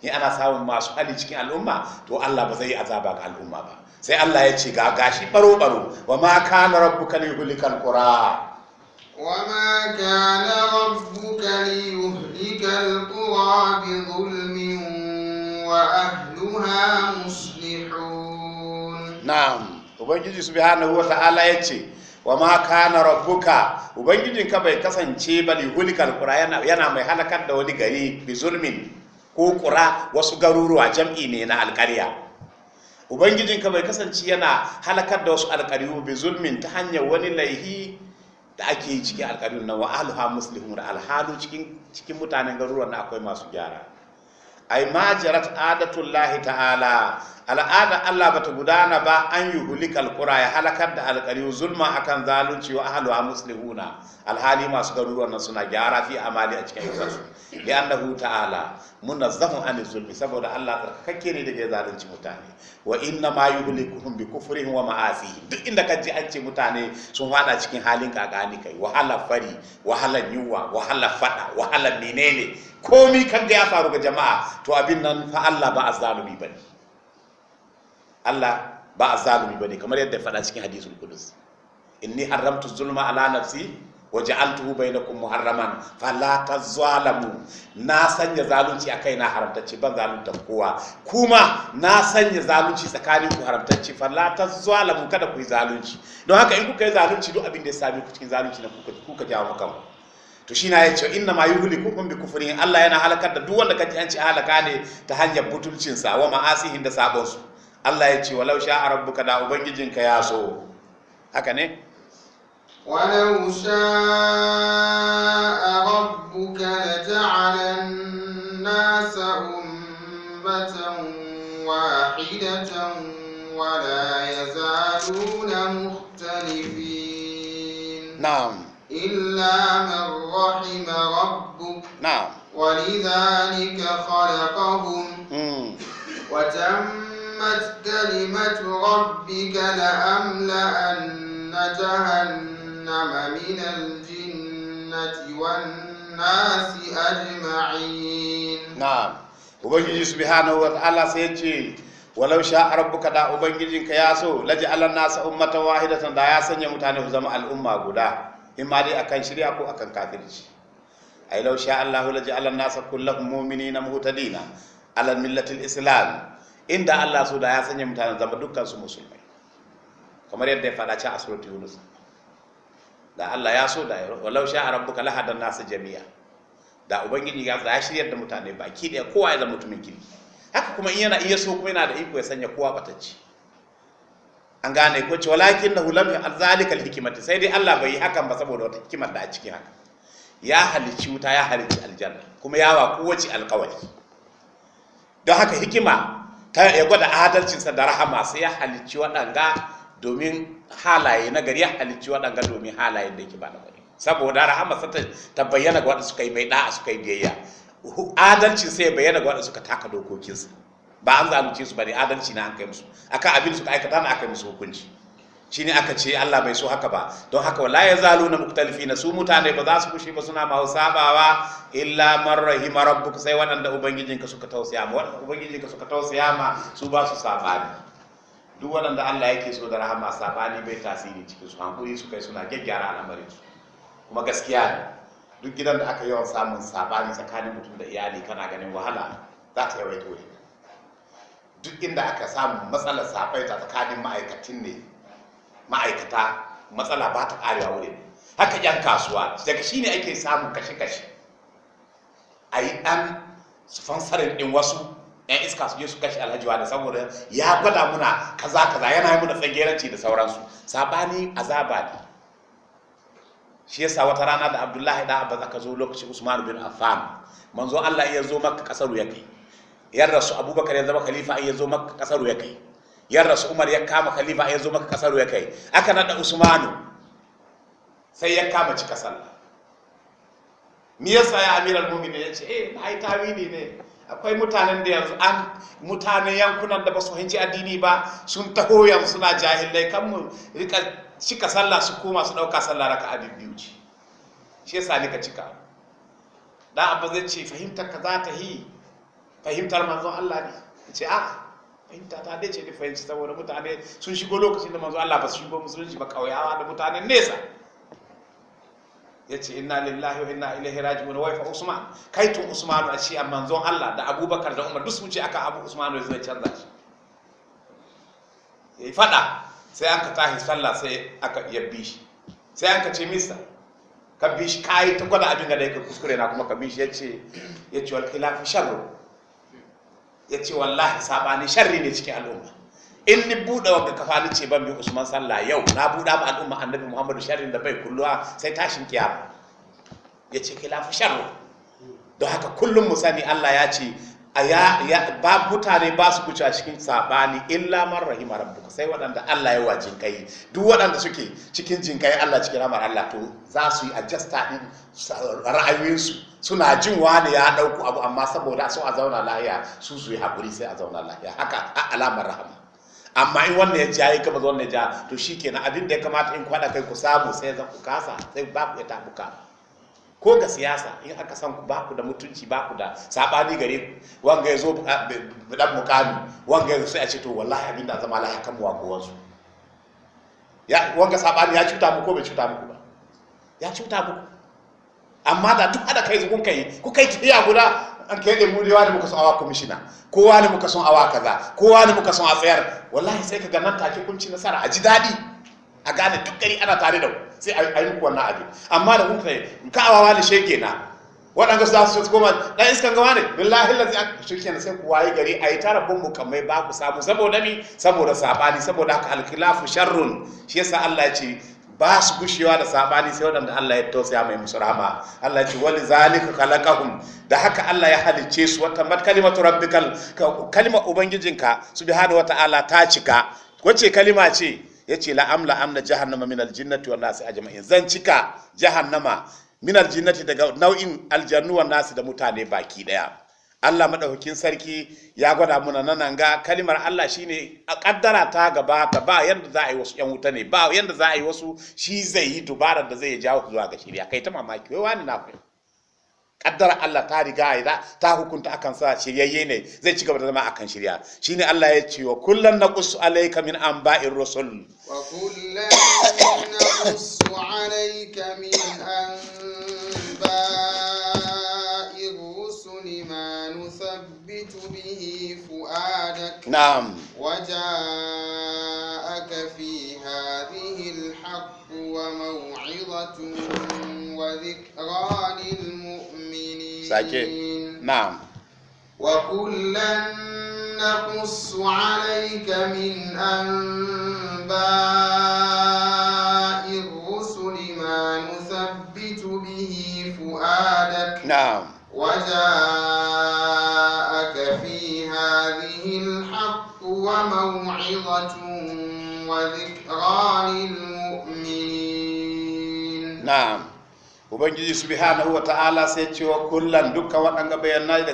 in ana samun masu hali cikin al'umma to Allah ba zai yi azaba ga al'umma ba sai Allah ya ce ga gashi baro baro wa ma kana rabbuka hulikan qura وما كان ربك ليهلك القرى بظلم وأهلها مصلحون نعم Ubangiji subhanahu wa ta'ala ya ce wa ma rabuka. Ubangijin ka bai kasance ba li hulikal qura yana, yana mai halakar da wani gari bi zurmin. ko qura wasu garuruwa jam'i ne na Ubangijin ka bai kasance yana halakar da wasu alƙaryu bi zurmin ta hanyar wani laihi da ake yi cikin alkarin na wa alha da alhalu cikin mutanen garuruwan akwai masu gyara ai majarat adatullahi ta'ala al'ada Allah bata gudana ba an yi hulik kura ya halakar da alƙari zulma akan zalunci wa a muslihuna alhali masu garuruwan nan suna gyara fi amali a cikin kasarsu li annahu ta'ala munazzahun an zulmi saboda Allah tsarkake ne daga zalunci mutane wa inna ma yuhlikuhum bi kufrihim wa ma'asi duk inda ka ji an ce mutane sun fada cikin halin kakani kai wahala fari wahala yunwa wahala fada wahala menene komi kan ga ya faru ga jama'a to abin nan fa Allah ba a ba ne. Allah ba a zalumi ba ne kamar yadda ya faɗa cikin hadisul qudus inni haramtu zulma ala nafsi wa ja'altuhu bainakum muharraman fala tazalamu na sanya zalunci a kaina haramtacci ban zalunta kowa kuma na sanya zalunci tsakanin ku haramtacci fala tazalamu kada ku yi zalunci don haka in kuka yi zalunci duk abin da ya sami ku cikin zalunci na kuka kuka jawo kanku to shi na yace inna ma yuhlikukum bi kufrin Allah yana halakar da duk wanda kake an halaka ne ta hanyar butulcin sa wa ma'asihin da sabon su Allah ya ce walau sha a rabbuka da ubangijinka ya so haka ne walau sha a rabbuka da ja'alan nasa ummatan wahidatan wala ya zaruna muhtalifin illa man rahima rabbuk na walidhalika khalaqahum mm. تمت كلمة ربك لأملأن جهنم من الجنة والناس أجمعين نعم وبنجي سبحانه وتعالى سيتشي walau sha rabbuka da ubangijinka ya so laji alan nasa ummatan wahidatan da ya sanya mutane zama al'umma guda in akan shirya ko akan kafirci ai law sha Allahu laji alan nasa islam inda Allah su da ya sanya mutanen zama dukkan su musulmai kamar yadda ya faɗa ci a suratul yunus da Allah ya so da walau sha rabbuka lahadan nasu jami'a da ubangiji ya ya shiryar da mutane baki daya kowa ya zama mutumin kirki haka kuma in yana iya so kuma yana da iko ya sanya kowa batacci an gane ko ce walakin na hulam ya zalika hikimati sai dai Allah bai yi hakan ba saboda wata hikimar da a cikin haka ya halicci wuta ya halicci aljanna kuma yawa kowace alkawari don haka hikima ya gwada adalcinsa da rahama sai ya halicci waɗanga domin halaye na gari ya halicci waɗanga domin halayen da yake ba na gari saboda rahama sa ta bayyana ga waɗanda suka yi mai ɗa'a suka yi biyayya adalcin sai ya bayyana ga waɗanda suka taka dokokinsa ba an zalunce su ba ne adalci na an kai musu akan abin suka aikata na aka yi musu hukunci shine aka ce Allah bai so haka ba don haka wala ya zalu yazaluna na su mutane ba za su kushe ba suna ma sabawa illa man rahima sai waɗanda ubangijinka suka tausaya ma waɗanda ubangijinka suka tausaya ma su ba su sabani duk wadanda Allah yake so da rahama sabani bai tasiri cikin su hankuri su kai suna gyaggyara al'amarin su kuma gaskiya ne duk gidan da aka yawan samun sabani tsakanin mutum da iyali kana ganin wahala za ta yawaito ne duk inda aka samu matsalar sabaita tsakanin ma'aikacin ne ma'aikata matsala ba ta karewa wurin haka yan kasuwa daga shi ne ake samun kashe-kashe a yi ɗan sponsorin ɗin wasu yan iska su je su kashe alhaji da saboda ya gwada muna kaza kaza yana yi muna tsageranci da sauransu sabani azaba ne shi yasa wata rana da abdullahi da abba zaka zo lokacin usman bin affan manzo allah iya zo maka kasar ya kai yar rasu abubakar ya zama khalifa iya zo maka kasar ya kai Yan rasu umar ya kama khalifa ya zo maka kasar ya kai aka nada usmanu sai ya kama cika sallah me yasa ya al mu'minin ya ce eh ai tawili ne akwai mutanen da yanzu an mutanen yankunan da ba su hanci addini ba sun taho yanzu suna jahilai kan mu rika cika sallah su koma su dauka sallah raka abin biyu ce shi yasa ni ka cika da abba zai ce fahimtar ka za ta yi fahimtar manzon Allah ne ce a ah, fahimta ta dace da fahimci saboda mutane sun shigo lokacin da manzo Allah ba su shigo musulunci ba kauyawa da mutanen nesa ya ce inna lillahi wa inna ilaihi raji'un wa fa usman kai tun usman a ce manzon Allah da abubakar da umar duk sun ce aka abu usman ya zai canza shi yayi fada sai an ka tahi sallah sai aka yabbi shi sai an ka ce mista ka bi shi kai ta gwada abin da yake kuskure na kuma ka bi shi yace yace wal khilafu sharru ya ce wallahi saɓani sharri ne cikin al'umma in ni buɗe wanda kafa ni ce ban bi usman sallah yau na buɗa ba al'umma annabi muhammadu sharrin da bai kulluwa sai tashin kiyama ya ce lafi sharri don haka kullum mu sani allah ya ce ba mutane ba su kuce a cikin sabani illa man rahima rabbuka sai waɗanda Allah ya wa kai duk waɗanda suke cikin jinkai Allah cikin ramar Allah to za su yi adjasta din ra'ayoyinsu suna jin wani ya ɗauku abu amma saboda so a zauna lahiya su su yi haƙuri sai a zauna lahiya haka alamar rahama amma in wannan ya ja yayi kama wannan ya ja to shikenan abin da ya kamata in kwaɗa kai ku samu sai zan ku kasa sai ba ku ya tabuka ko ga siyasa in aka san ku ba ku da mutunci ba ku da sabani gare ku wanga ya zo dan mukami wanga ya sai a ce to wallahi abinda zama la kan wa ko wasu ya wanga sabani ya cuta muku ko bai cuta muku ba ya cuta muku amma da duk ada kai zukun kai ku kai ki ya guda an kai da mu da muka son awa commissioner kowa ne muka son awa kaza kowa ne muka son a tsayar wallahi sai ka ga nan take kun ci nasara a ji daɗi a gane duk gari ana tare da ku sai a yi muku wannan abin amma da ka a ka'awa ne shege na waɗanda za su koma ɗan iskan gama ne billahi lazi aka shirke sai ku waye gari a yi tara bin kamai ba ku samu saboda mi saboda sabani saboda haka alkilafu sharrun shi yasa Allah ya ce ba su gushewa da sabani sai waɗanda Allah ya tausaya mai musu rama Allah ya ce wani zalika khalaqahum da haka Allah ya halicce su wata mat kalimatu rabbikal kalma ubangijinka subhanahu wataala ta cika wace kalima ce yace la amla amna jahannama min aljinnati wan nasi ajma'in zan cika jahannama min aljinnati daga nau'in aljannu wan nasi da mutane baki daya Allah madaukakin sarki ya gwada muna nan ga kalimar Allah shine a kaddara ta gaba ta ba yanda za a yi wasu yan wuta ne ba yanda za a yi wasu shi zai yi dubarar da zai jawo zuwa ga shirya kai ta mamaki wai wani na fahimta kaddara Allah ta riga ya ta hukunta akan sa shiryayye ne zai ci gaba da zama akan shirya shine Allah ya ce wa kullun naqussu alayka min anba'ir rusul wa kullan naqussu alayka min anba'ir rusul ma nuthabbitu bihi fu'adak na'am waja'aka fi hadhihi al-haqq wa maw'izatun wa lil ساكي نعم وكلا نقص عليك من أنباء الرسل ما نثبت به فؤادك نعم وجاءك في هذه الحق وموعظة وذكرى للمؤمنين نعم ubangiji subhanahu wa ta'ala sai cewa kullum dukkan waɗanga bayanai da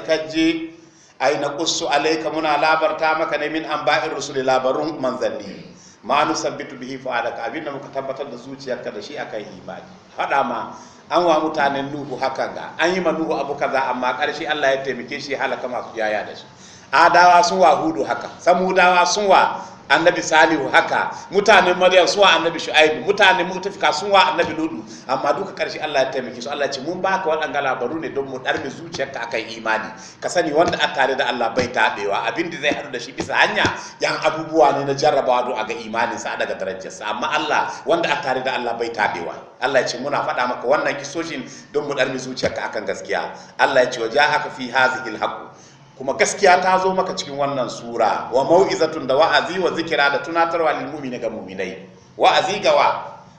a yi na qussu alaika muna labarta maka ne min an anba'ir rusuli labarun manzanni ma nusabbitu bihi abin abinda muka tabbatar da zuciyarka da shi akan imani hada ma an wa mutanen nuhu hakan ga an yi ma nuhu abu kaza amma ƙarshe Allah ya taimake shi halaka masu yaya da shi adawa sun wa hudu haka samudawa sun wa annabi salihu haka mutanen maryam suwa annabi shu'aibu mutanen mutafika suwa annabi ludu amma duka karshe Allah ya taimake su Allah ya ce mun baka waɗanga labaru ne don mu ɗarme zuciyarka akan imani ka sani wanda a tare da Allah bai taɓewa abin da zai haɗu da shi bisa hanya yan abubuwa ne na jarrabawa don a ga sa daga darajarsa amma Allah wanda a tare da Allah bai taɓewa Allah ya ce muna faɗa maka wannan kisoshin don mu ɗarme zuciyarka akan gaskiya Allah ya ce wa ja'aka fi hazihil haqq kuma gaskiya ta zo maka cikin wannan sura wa mau'izatun da wa'azi wa zikira da tunatarwa lil mu'mini ga mu'minai wa'azi ga wa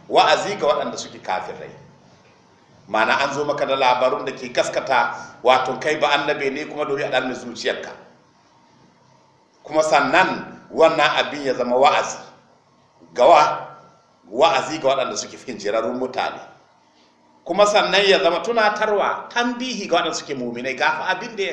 wa'azi ga waɗanda suke kafirai ma'ana an zo maka da labarun da ke kaskata, wato kai ba annabe ne kuma dori a dan zuciyarka kuma sannan wannan abin ya zama wa'azi ga wa wa'azi ga waɗanda suke fin jirarun mutane kuma sannan ya zama tunatarwa tambihi ga wadanda suke muminai ga abin da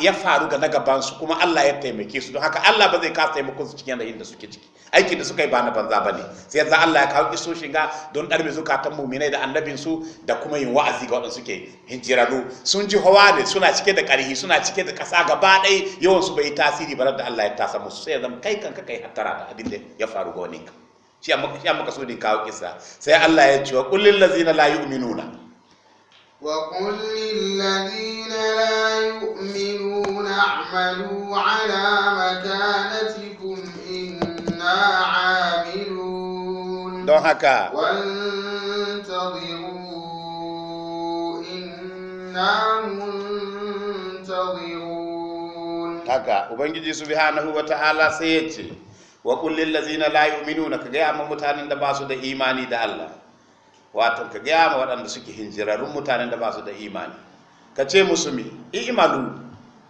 ya faru ga na su kuma Allah ya taimake su don haka Allah ba zai kasa taimakon su cikin yanayin da suke ciki aiki da suka yi ba na banza ba ne sai yanzu Allah ya kawo iso shiga don ɗarbe zukatan muminai da annabin su da kuma yin wa'azi ga wadanda suke hijirarru sun ji hawa ne suna cike da ƙarhi suna cike da ƙasa gaba ɗaya yawan su bai yi tasiri ba da Allah ya tasa musu sai ya zama kai kanka kai hattara da abin da ya faru ga wani ka shi a makasudin kawo kisa sai Allah ya ce wa kullin lazina la yu'minuna wa kullin lazina la yu'minuna a'malu ala makanatikum inna amilun don haka wantadiru inna muntadirun haka ubangiji subhanahu wa ta'ala sai ya ce wa lazina Layu la yu'minuna ka gaya ma mutanen da ba su da imani da Allah wato ka gaya ma waɗanda suke hinjirarrun mutanen da ba su da imani ka ce musu mi i'malu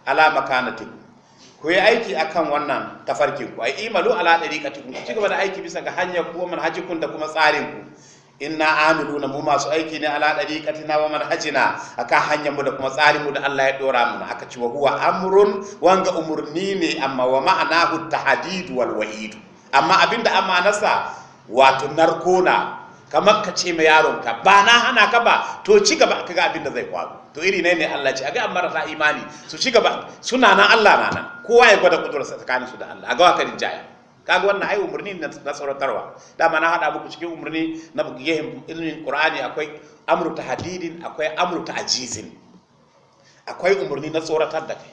ala tiku, ku yi aiki akan wannan tafarkin ku ai i'malu ala tiku, ku ci gaba da aiki bisa ga hanyar ku manhajikun da kuma tsarin ku inna amiluna mu masu aiki ne ala dariqatina wa manhajina aka hanyar mu da kuma tsarin mu da Allah ya dora mu aka ci wa huwa amrun wanga umurni ne amma wa ma'anahu tahdid wal wa'id amma abinda nasa, wato narkona kamar ka ce ma yaron ka ba na hana ka ba to ci gaba ka ga abinda zai faru to iri ne ne Allah ce a ga marasa imani su ci gaba suna nan Allah na nan kowa ya gwada kudurarsa tsakaninsu da Allah a ga wa kadin jaya kaga wannan ai umarni na tsoratarwa dama na hada muku cikin umarni na bugiyin ilmin qur'ani akwai amru tahdidin akwai amru ta'jizin akwai umarni na tsoratar da kai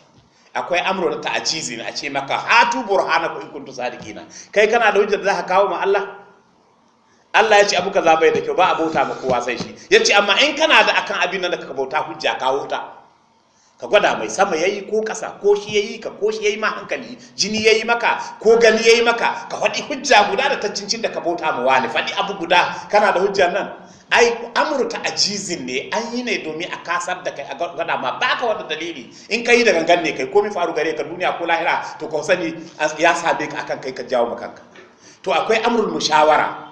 akwai amru na ta'jizin a ce maka hatu burhana in kuntu sadiqina kai kana da hujjar da zaka kawo ma Allah Allah ya ce abu kaza bai da kyau ba a bauta ma kowa sai shi ya ce amma in kana da akan abin nan da ka bauta hujja kawo ta ka gwada mai sama yayi ko ƙasa ko shi yayi ka ko shi yayi ma hankali jini yayi maka ko gani yayi maka ka faɗi hujja guda da ta cincin da ka bauta ma wani faɗi abu guda kana da hujja nan ai amurta ajizin ne an yi ne domin a kasar da kai a gwada ma ba ka wata dalili in ka yi da gangan ne kai komi faru gare ka duniya ko lahira to ka sani ya same ka akan kai ka jawo ma kanka to akwai amrul mushawara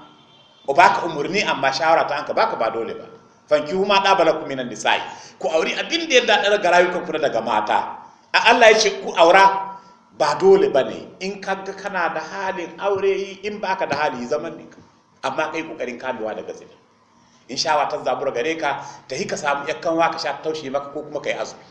o ka umurni amma shawara ta an anka ka ba dole ba fanki ma da ku minan nisa'i ku auri abin da ya dada garayu kula ku daga mata a Allah ya ce ku aura ba dole bane in kaga kana da halin aure yi in baka da hali zaman ne amma kai kokarin kamewa daga zina in sha wa ta zabura gare ka ta hika samu yakkan waka sha taushe maka ko kuma kai azumi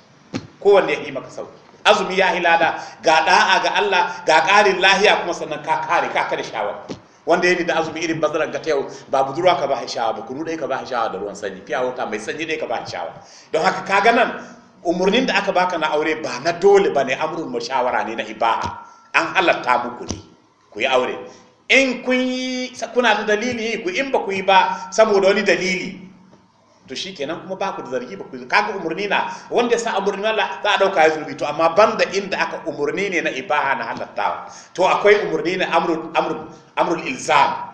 kowanne ya yi maka sauki azumi ya hilada ga da'a ga Allah ga ƙarin lahiya kuma sannan ka kare ka kada shawara wanda ya da azumi irin bazaran ka ta yau ba budurwa ka ba shawa ba kunu dai ka ba shawa da ruwan sanyi fiya wata mai sanyi dai ka ba shawa don haka kaga nan umarnin da aka baka na aure ba na dole ba ne amurin mashawara ne na ibaha an halatta muku ne ku yi aure in kun yi kuna da dalili ku in ba ku yi ba saboda wani dalili to kenan kuma ba ku da zargi ba ku kaga umurni na wanda ya sa umurni Allah za a dauka ya zunubi to amma banda inda aka umurni ne na ibaha na halattawa to akwai umurni na amrul Amru amrul ilzam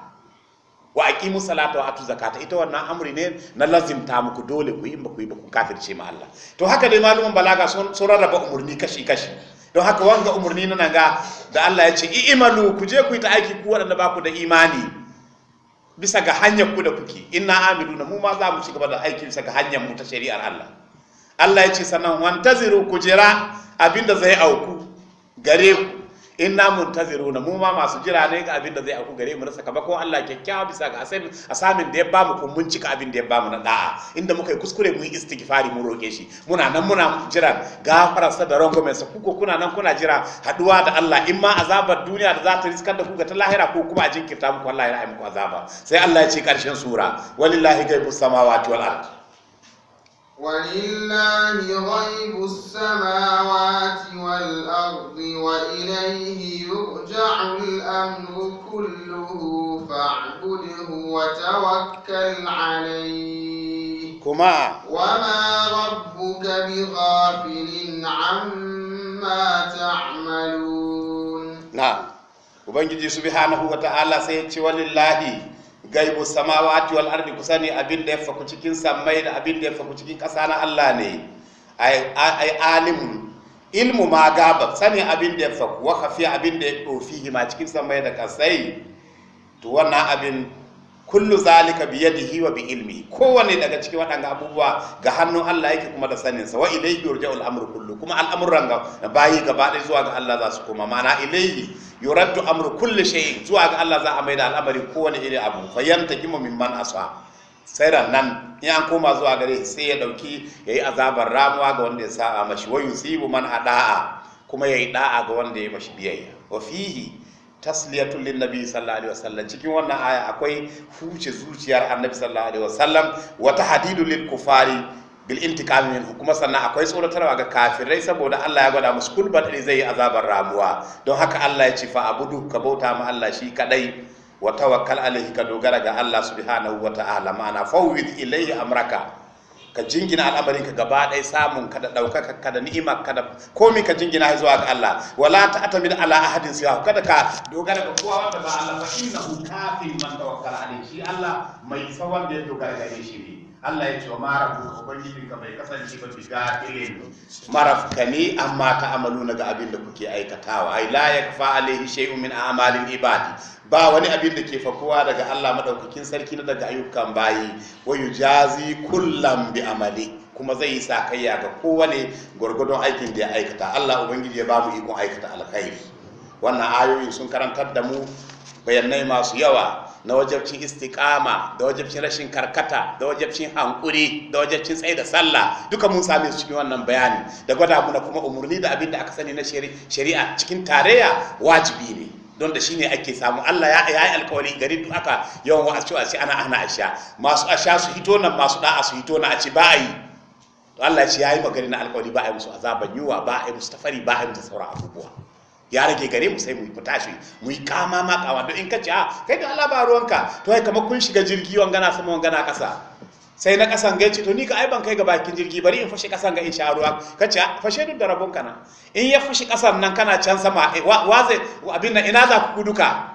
wa aqimu salata wa atu zakata ita wannan amri ne na lazimta muku dole ku yi ba ku yi ba ku kafirce ma Allah to haka dai malumin balaga sun rarraba umurni kashi kashi don haka wanga umurni na ga da Allah ya ce i'malu ku je ku yi ta aiki ku waɗanda ba ku da imani bisa ga hanyar ku da kuke inna na, mu ma za mu ci gaba da aiki bisa ga hanyar mu ta shari'ar Allah Allah ya ce sannan wantaziru kujira abinda zai auku gare ku inna muntaziruna mu ma masu jira ne ga abin da zai aku gare mu na ko Allah kyakkyawa bisa ga a asamin da ya bamu kun mun cika abin da ya bamu na da'a inda muka yi kuskure yi istighfari mu roke shi muna nan muna jira gafara sa da rango mai kuko kuna nan kuna jira haduwa da Allah in ma azabar duniya da za ta riskar da ku ga ta lahira ko kuma a jinkirta muku Allah ya muku azaba sai Allah ya ce karshen sura walillahi ghaibus samawati wal ardh ولله غيب السماوات والأرض وإليه يرجع الأمر كله فاعبده وتوكل عليه كما وما ربك بغافل عما تعملون نعم وبنجي سبحانه وتعالى سيتي ولله gaibu samawati wal ardi kusani abin da ya faku cikin samai da abin da ya faku cikin ƙasa na Allah ne ai alimun ilmu ma gaba sani abin da ya faku wa abin da ya dofi ma cikin samai da kasai to wannan abin kullu zalika bi yadihi wa bi ilmi kowanne daga cikin waɗanda abubuwa ga hannun Allah yake kuma da sanin sa wa ilayhi yurja'ul amru kullu kuma al'amuran ga bayi gaba ɗaya zuwa ga Allah za su koma mana ilayhi yuraddu amru kulli shay'in zuwa ga Allah za a maida al'amari kowanne irin abu fa min mimman asa sai nan in an koma zuwa gare sai ya dauki yayi azabar ramuwa ga wanda ya sa'a mashi wa yusibu man ada'a kuma yayi da'a ga wanda ya mashi biyayya wa fihi tasliyatul nabi sallallahu alaihi wasallam cikin wannan aya akwai huce zuciyar annabi sallallahu alaihi wasallam wa tahdidul lil kufari bil intiqam min hukuma sannan akwai tsoratarwa ga kafirai saboda Allah ya gwada musu kul bad zai yi azabar ramuwa don haka Allah ya ce fa abudu ka bauta ma Allah shi kadai wa tawakkal alaihi ka dogara ga Allah subhanahu wa ta'ala ma'ana fawwid ilayhi amraka ka jingina al'amarin ka gaba ɗaya samun ka da ɗaukaka ka da ni'ima ka da komi ka jingina zuwa ga Allah wala ta atamid ala ahadin siya kada ka dogara ga kowa wanda ba Allah fa innahu kafin man tawakkala alayhi Allah mai tsawon da ya dogara gare shi ne Allah ya ce wa mara buka ubangijin ka bai kasance ba biga ilin maraf amma ta amalu na ga abin da kuke aikatawa ai la kafa alaihi shay'un min a'malil ibadi ba wani abin da ke fakuwa daga Allah madaukakin sarki na daga ayyukan bayi wa yujazi kullam bi amali kuma zai yi sakayya ga kowane gwargwadon aikin da ya aikata Allah ubangiji ya ba mu ikon aikata alkhairi wannan ayoyin sun karantar da mu bayanai masu yawa na wajabcin istiqama da wajabcin rashin karkata da wajabcin hankuri da wajabcin tsaye da sallah duka mun same su cikin wannan bayani da gwada muna kuma umurni da abin da aka sani na shari'a cikin tarayya wajibi ne don da shine ake samu Allah ya yi alkawari gari duk aka yawan wa a ce ana ana asha masu asha su hito nan masu da'a su hito na a ce ba a yi to Allah ya ce yayi magana na alkawari ba a yi musu azaban yuwa ba a yi musu tafari ba a yi musu sauran abubuwa ya rage gare mu sai mu fita shi mu yi kama makawa don in ka ce ah, kai da Allah ba ruwanka to ai kamar kun shiga jirgi gana sama gana ƙasa sai na ƙasan gaici to ni ka ai ban kai ga bakin jirgi bari in fashe ƙasan ga in sha ruwa ka ce ah, fashe duk da rabon kana in ya fashe kasan nan kana can sama eh, waze abin nan ina za ku duka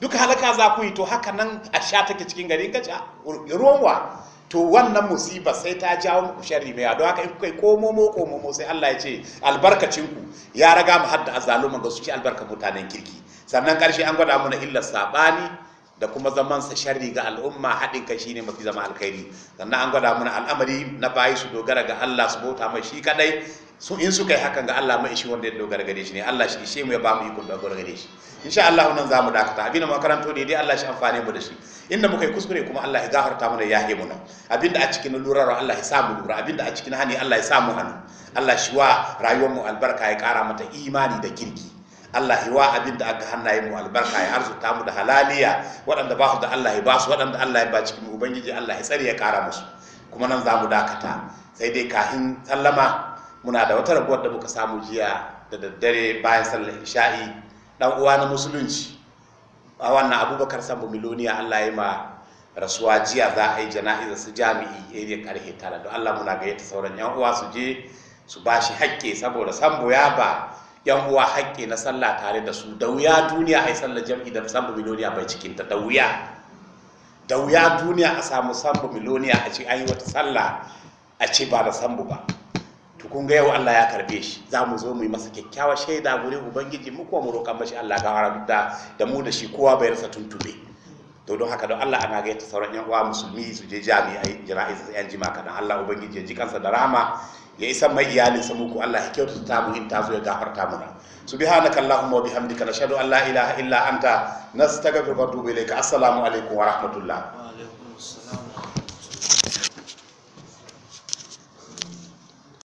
duka halaka za ku yi to haka nan a sha take cikin gari ka ce ah, ruwan wa to wannan musiba sai ta jawo muku sharri mai don haka in kai komomo komomo sai Allah ya ce albarkacinku ya raga mu hadda azaluman ga su ci albarka mutanen kirki sannan karshe an gwada mana illar sabani da kuma zaman sa sharri ga al'umma haɗin kai shine mafi zama alkhairi sannan an gwada mana al'amari na bayi su dogara ga Allah su bauta mai shi kadai su in suka yi hakan ga Allah mai shi wanda ya dogara gare shi ne Allah shi ishe mu ya ba mu ikon gore gare shi insha Allah nan za mu dakata abin da mu karanto ne dai Allah shi amfane mu da shi inda muka yi kuskure kuma Allah ya gafarta mana ya yi muna nan abin da a cikin lurarwa Allah ya sa mu lura abin da a cikin hani Allah ya sa mu hannu Allah shi wa rayuwar mu albarka ya kara mata imani da kirki Allah ya wa abin da aka hannaye mu albarka ya arzuta mu da halaliya waɗanda ba su da Allah ya ba su waɗanda Allah ya ba cikin ubangiji Allah ya tsare ya kara musu kuma nan za mu dakata sai dai kahin sallama muna da wata rabuwar da muka samu jiya da daddare bayan sallar isha'i dan uwa na musulunci a wannan abubakar sambo miloniya Allah ya ma rasuwa jiya za a yi jana'iza su jami'i iri karhe tare don Allah muna gayyata sauran yan uwa su je su ba shi hakke saboda Sambu ya ba yan uwa haƙƙi na sallah tare da su da wuya duniya a yi sallar jam'i da samun miloniya bai cikin ta da wuya da wuya duniya a samu sambu miloniya a ci an yi wata sallah a ci ba da sambu ba tukun ga yau Allah ya karbe shi za mu zo mu yi masa kyakkyawa shaida gure ubangiji mu kuwa mu roƙa mashi Allah ga wara da da mu da shi kowa bai rasa tuntube to don haka don Allah ana gaita sauran yan uwa musulmi su je jami'ai jana'iza yan jima kadan Allah ubangiji ya ji kansa da rama. ya isa mai iyalin sa muku Allah ya kyautata ta mu in ta zo ya gafarta mana subhanaka allahumma wa bihamdika nashhadu an la ilaha illa anta nastaghfiruka wa atubu ilayka assalamu alaikum wa rahmatullah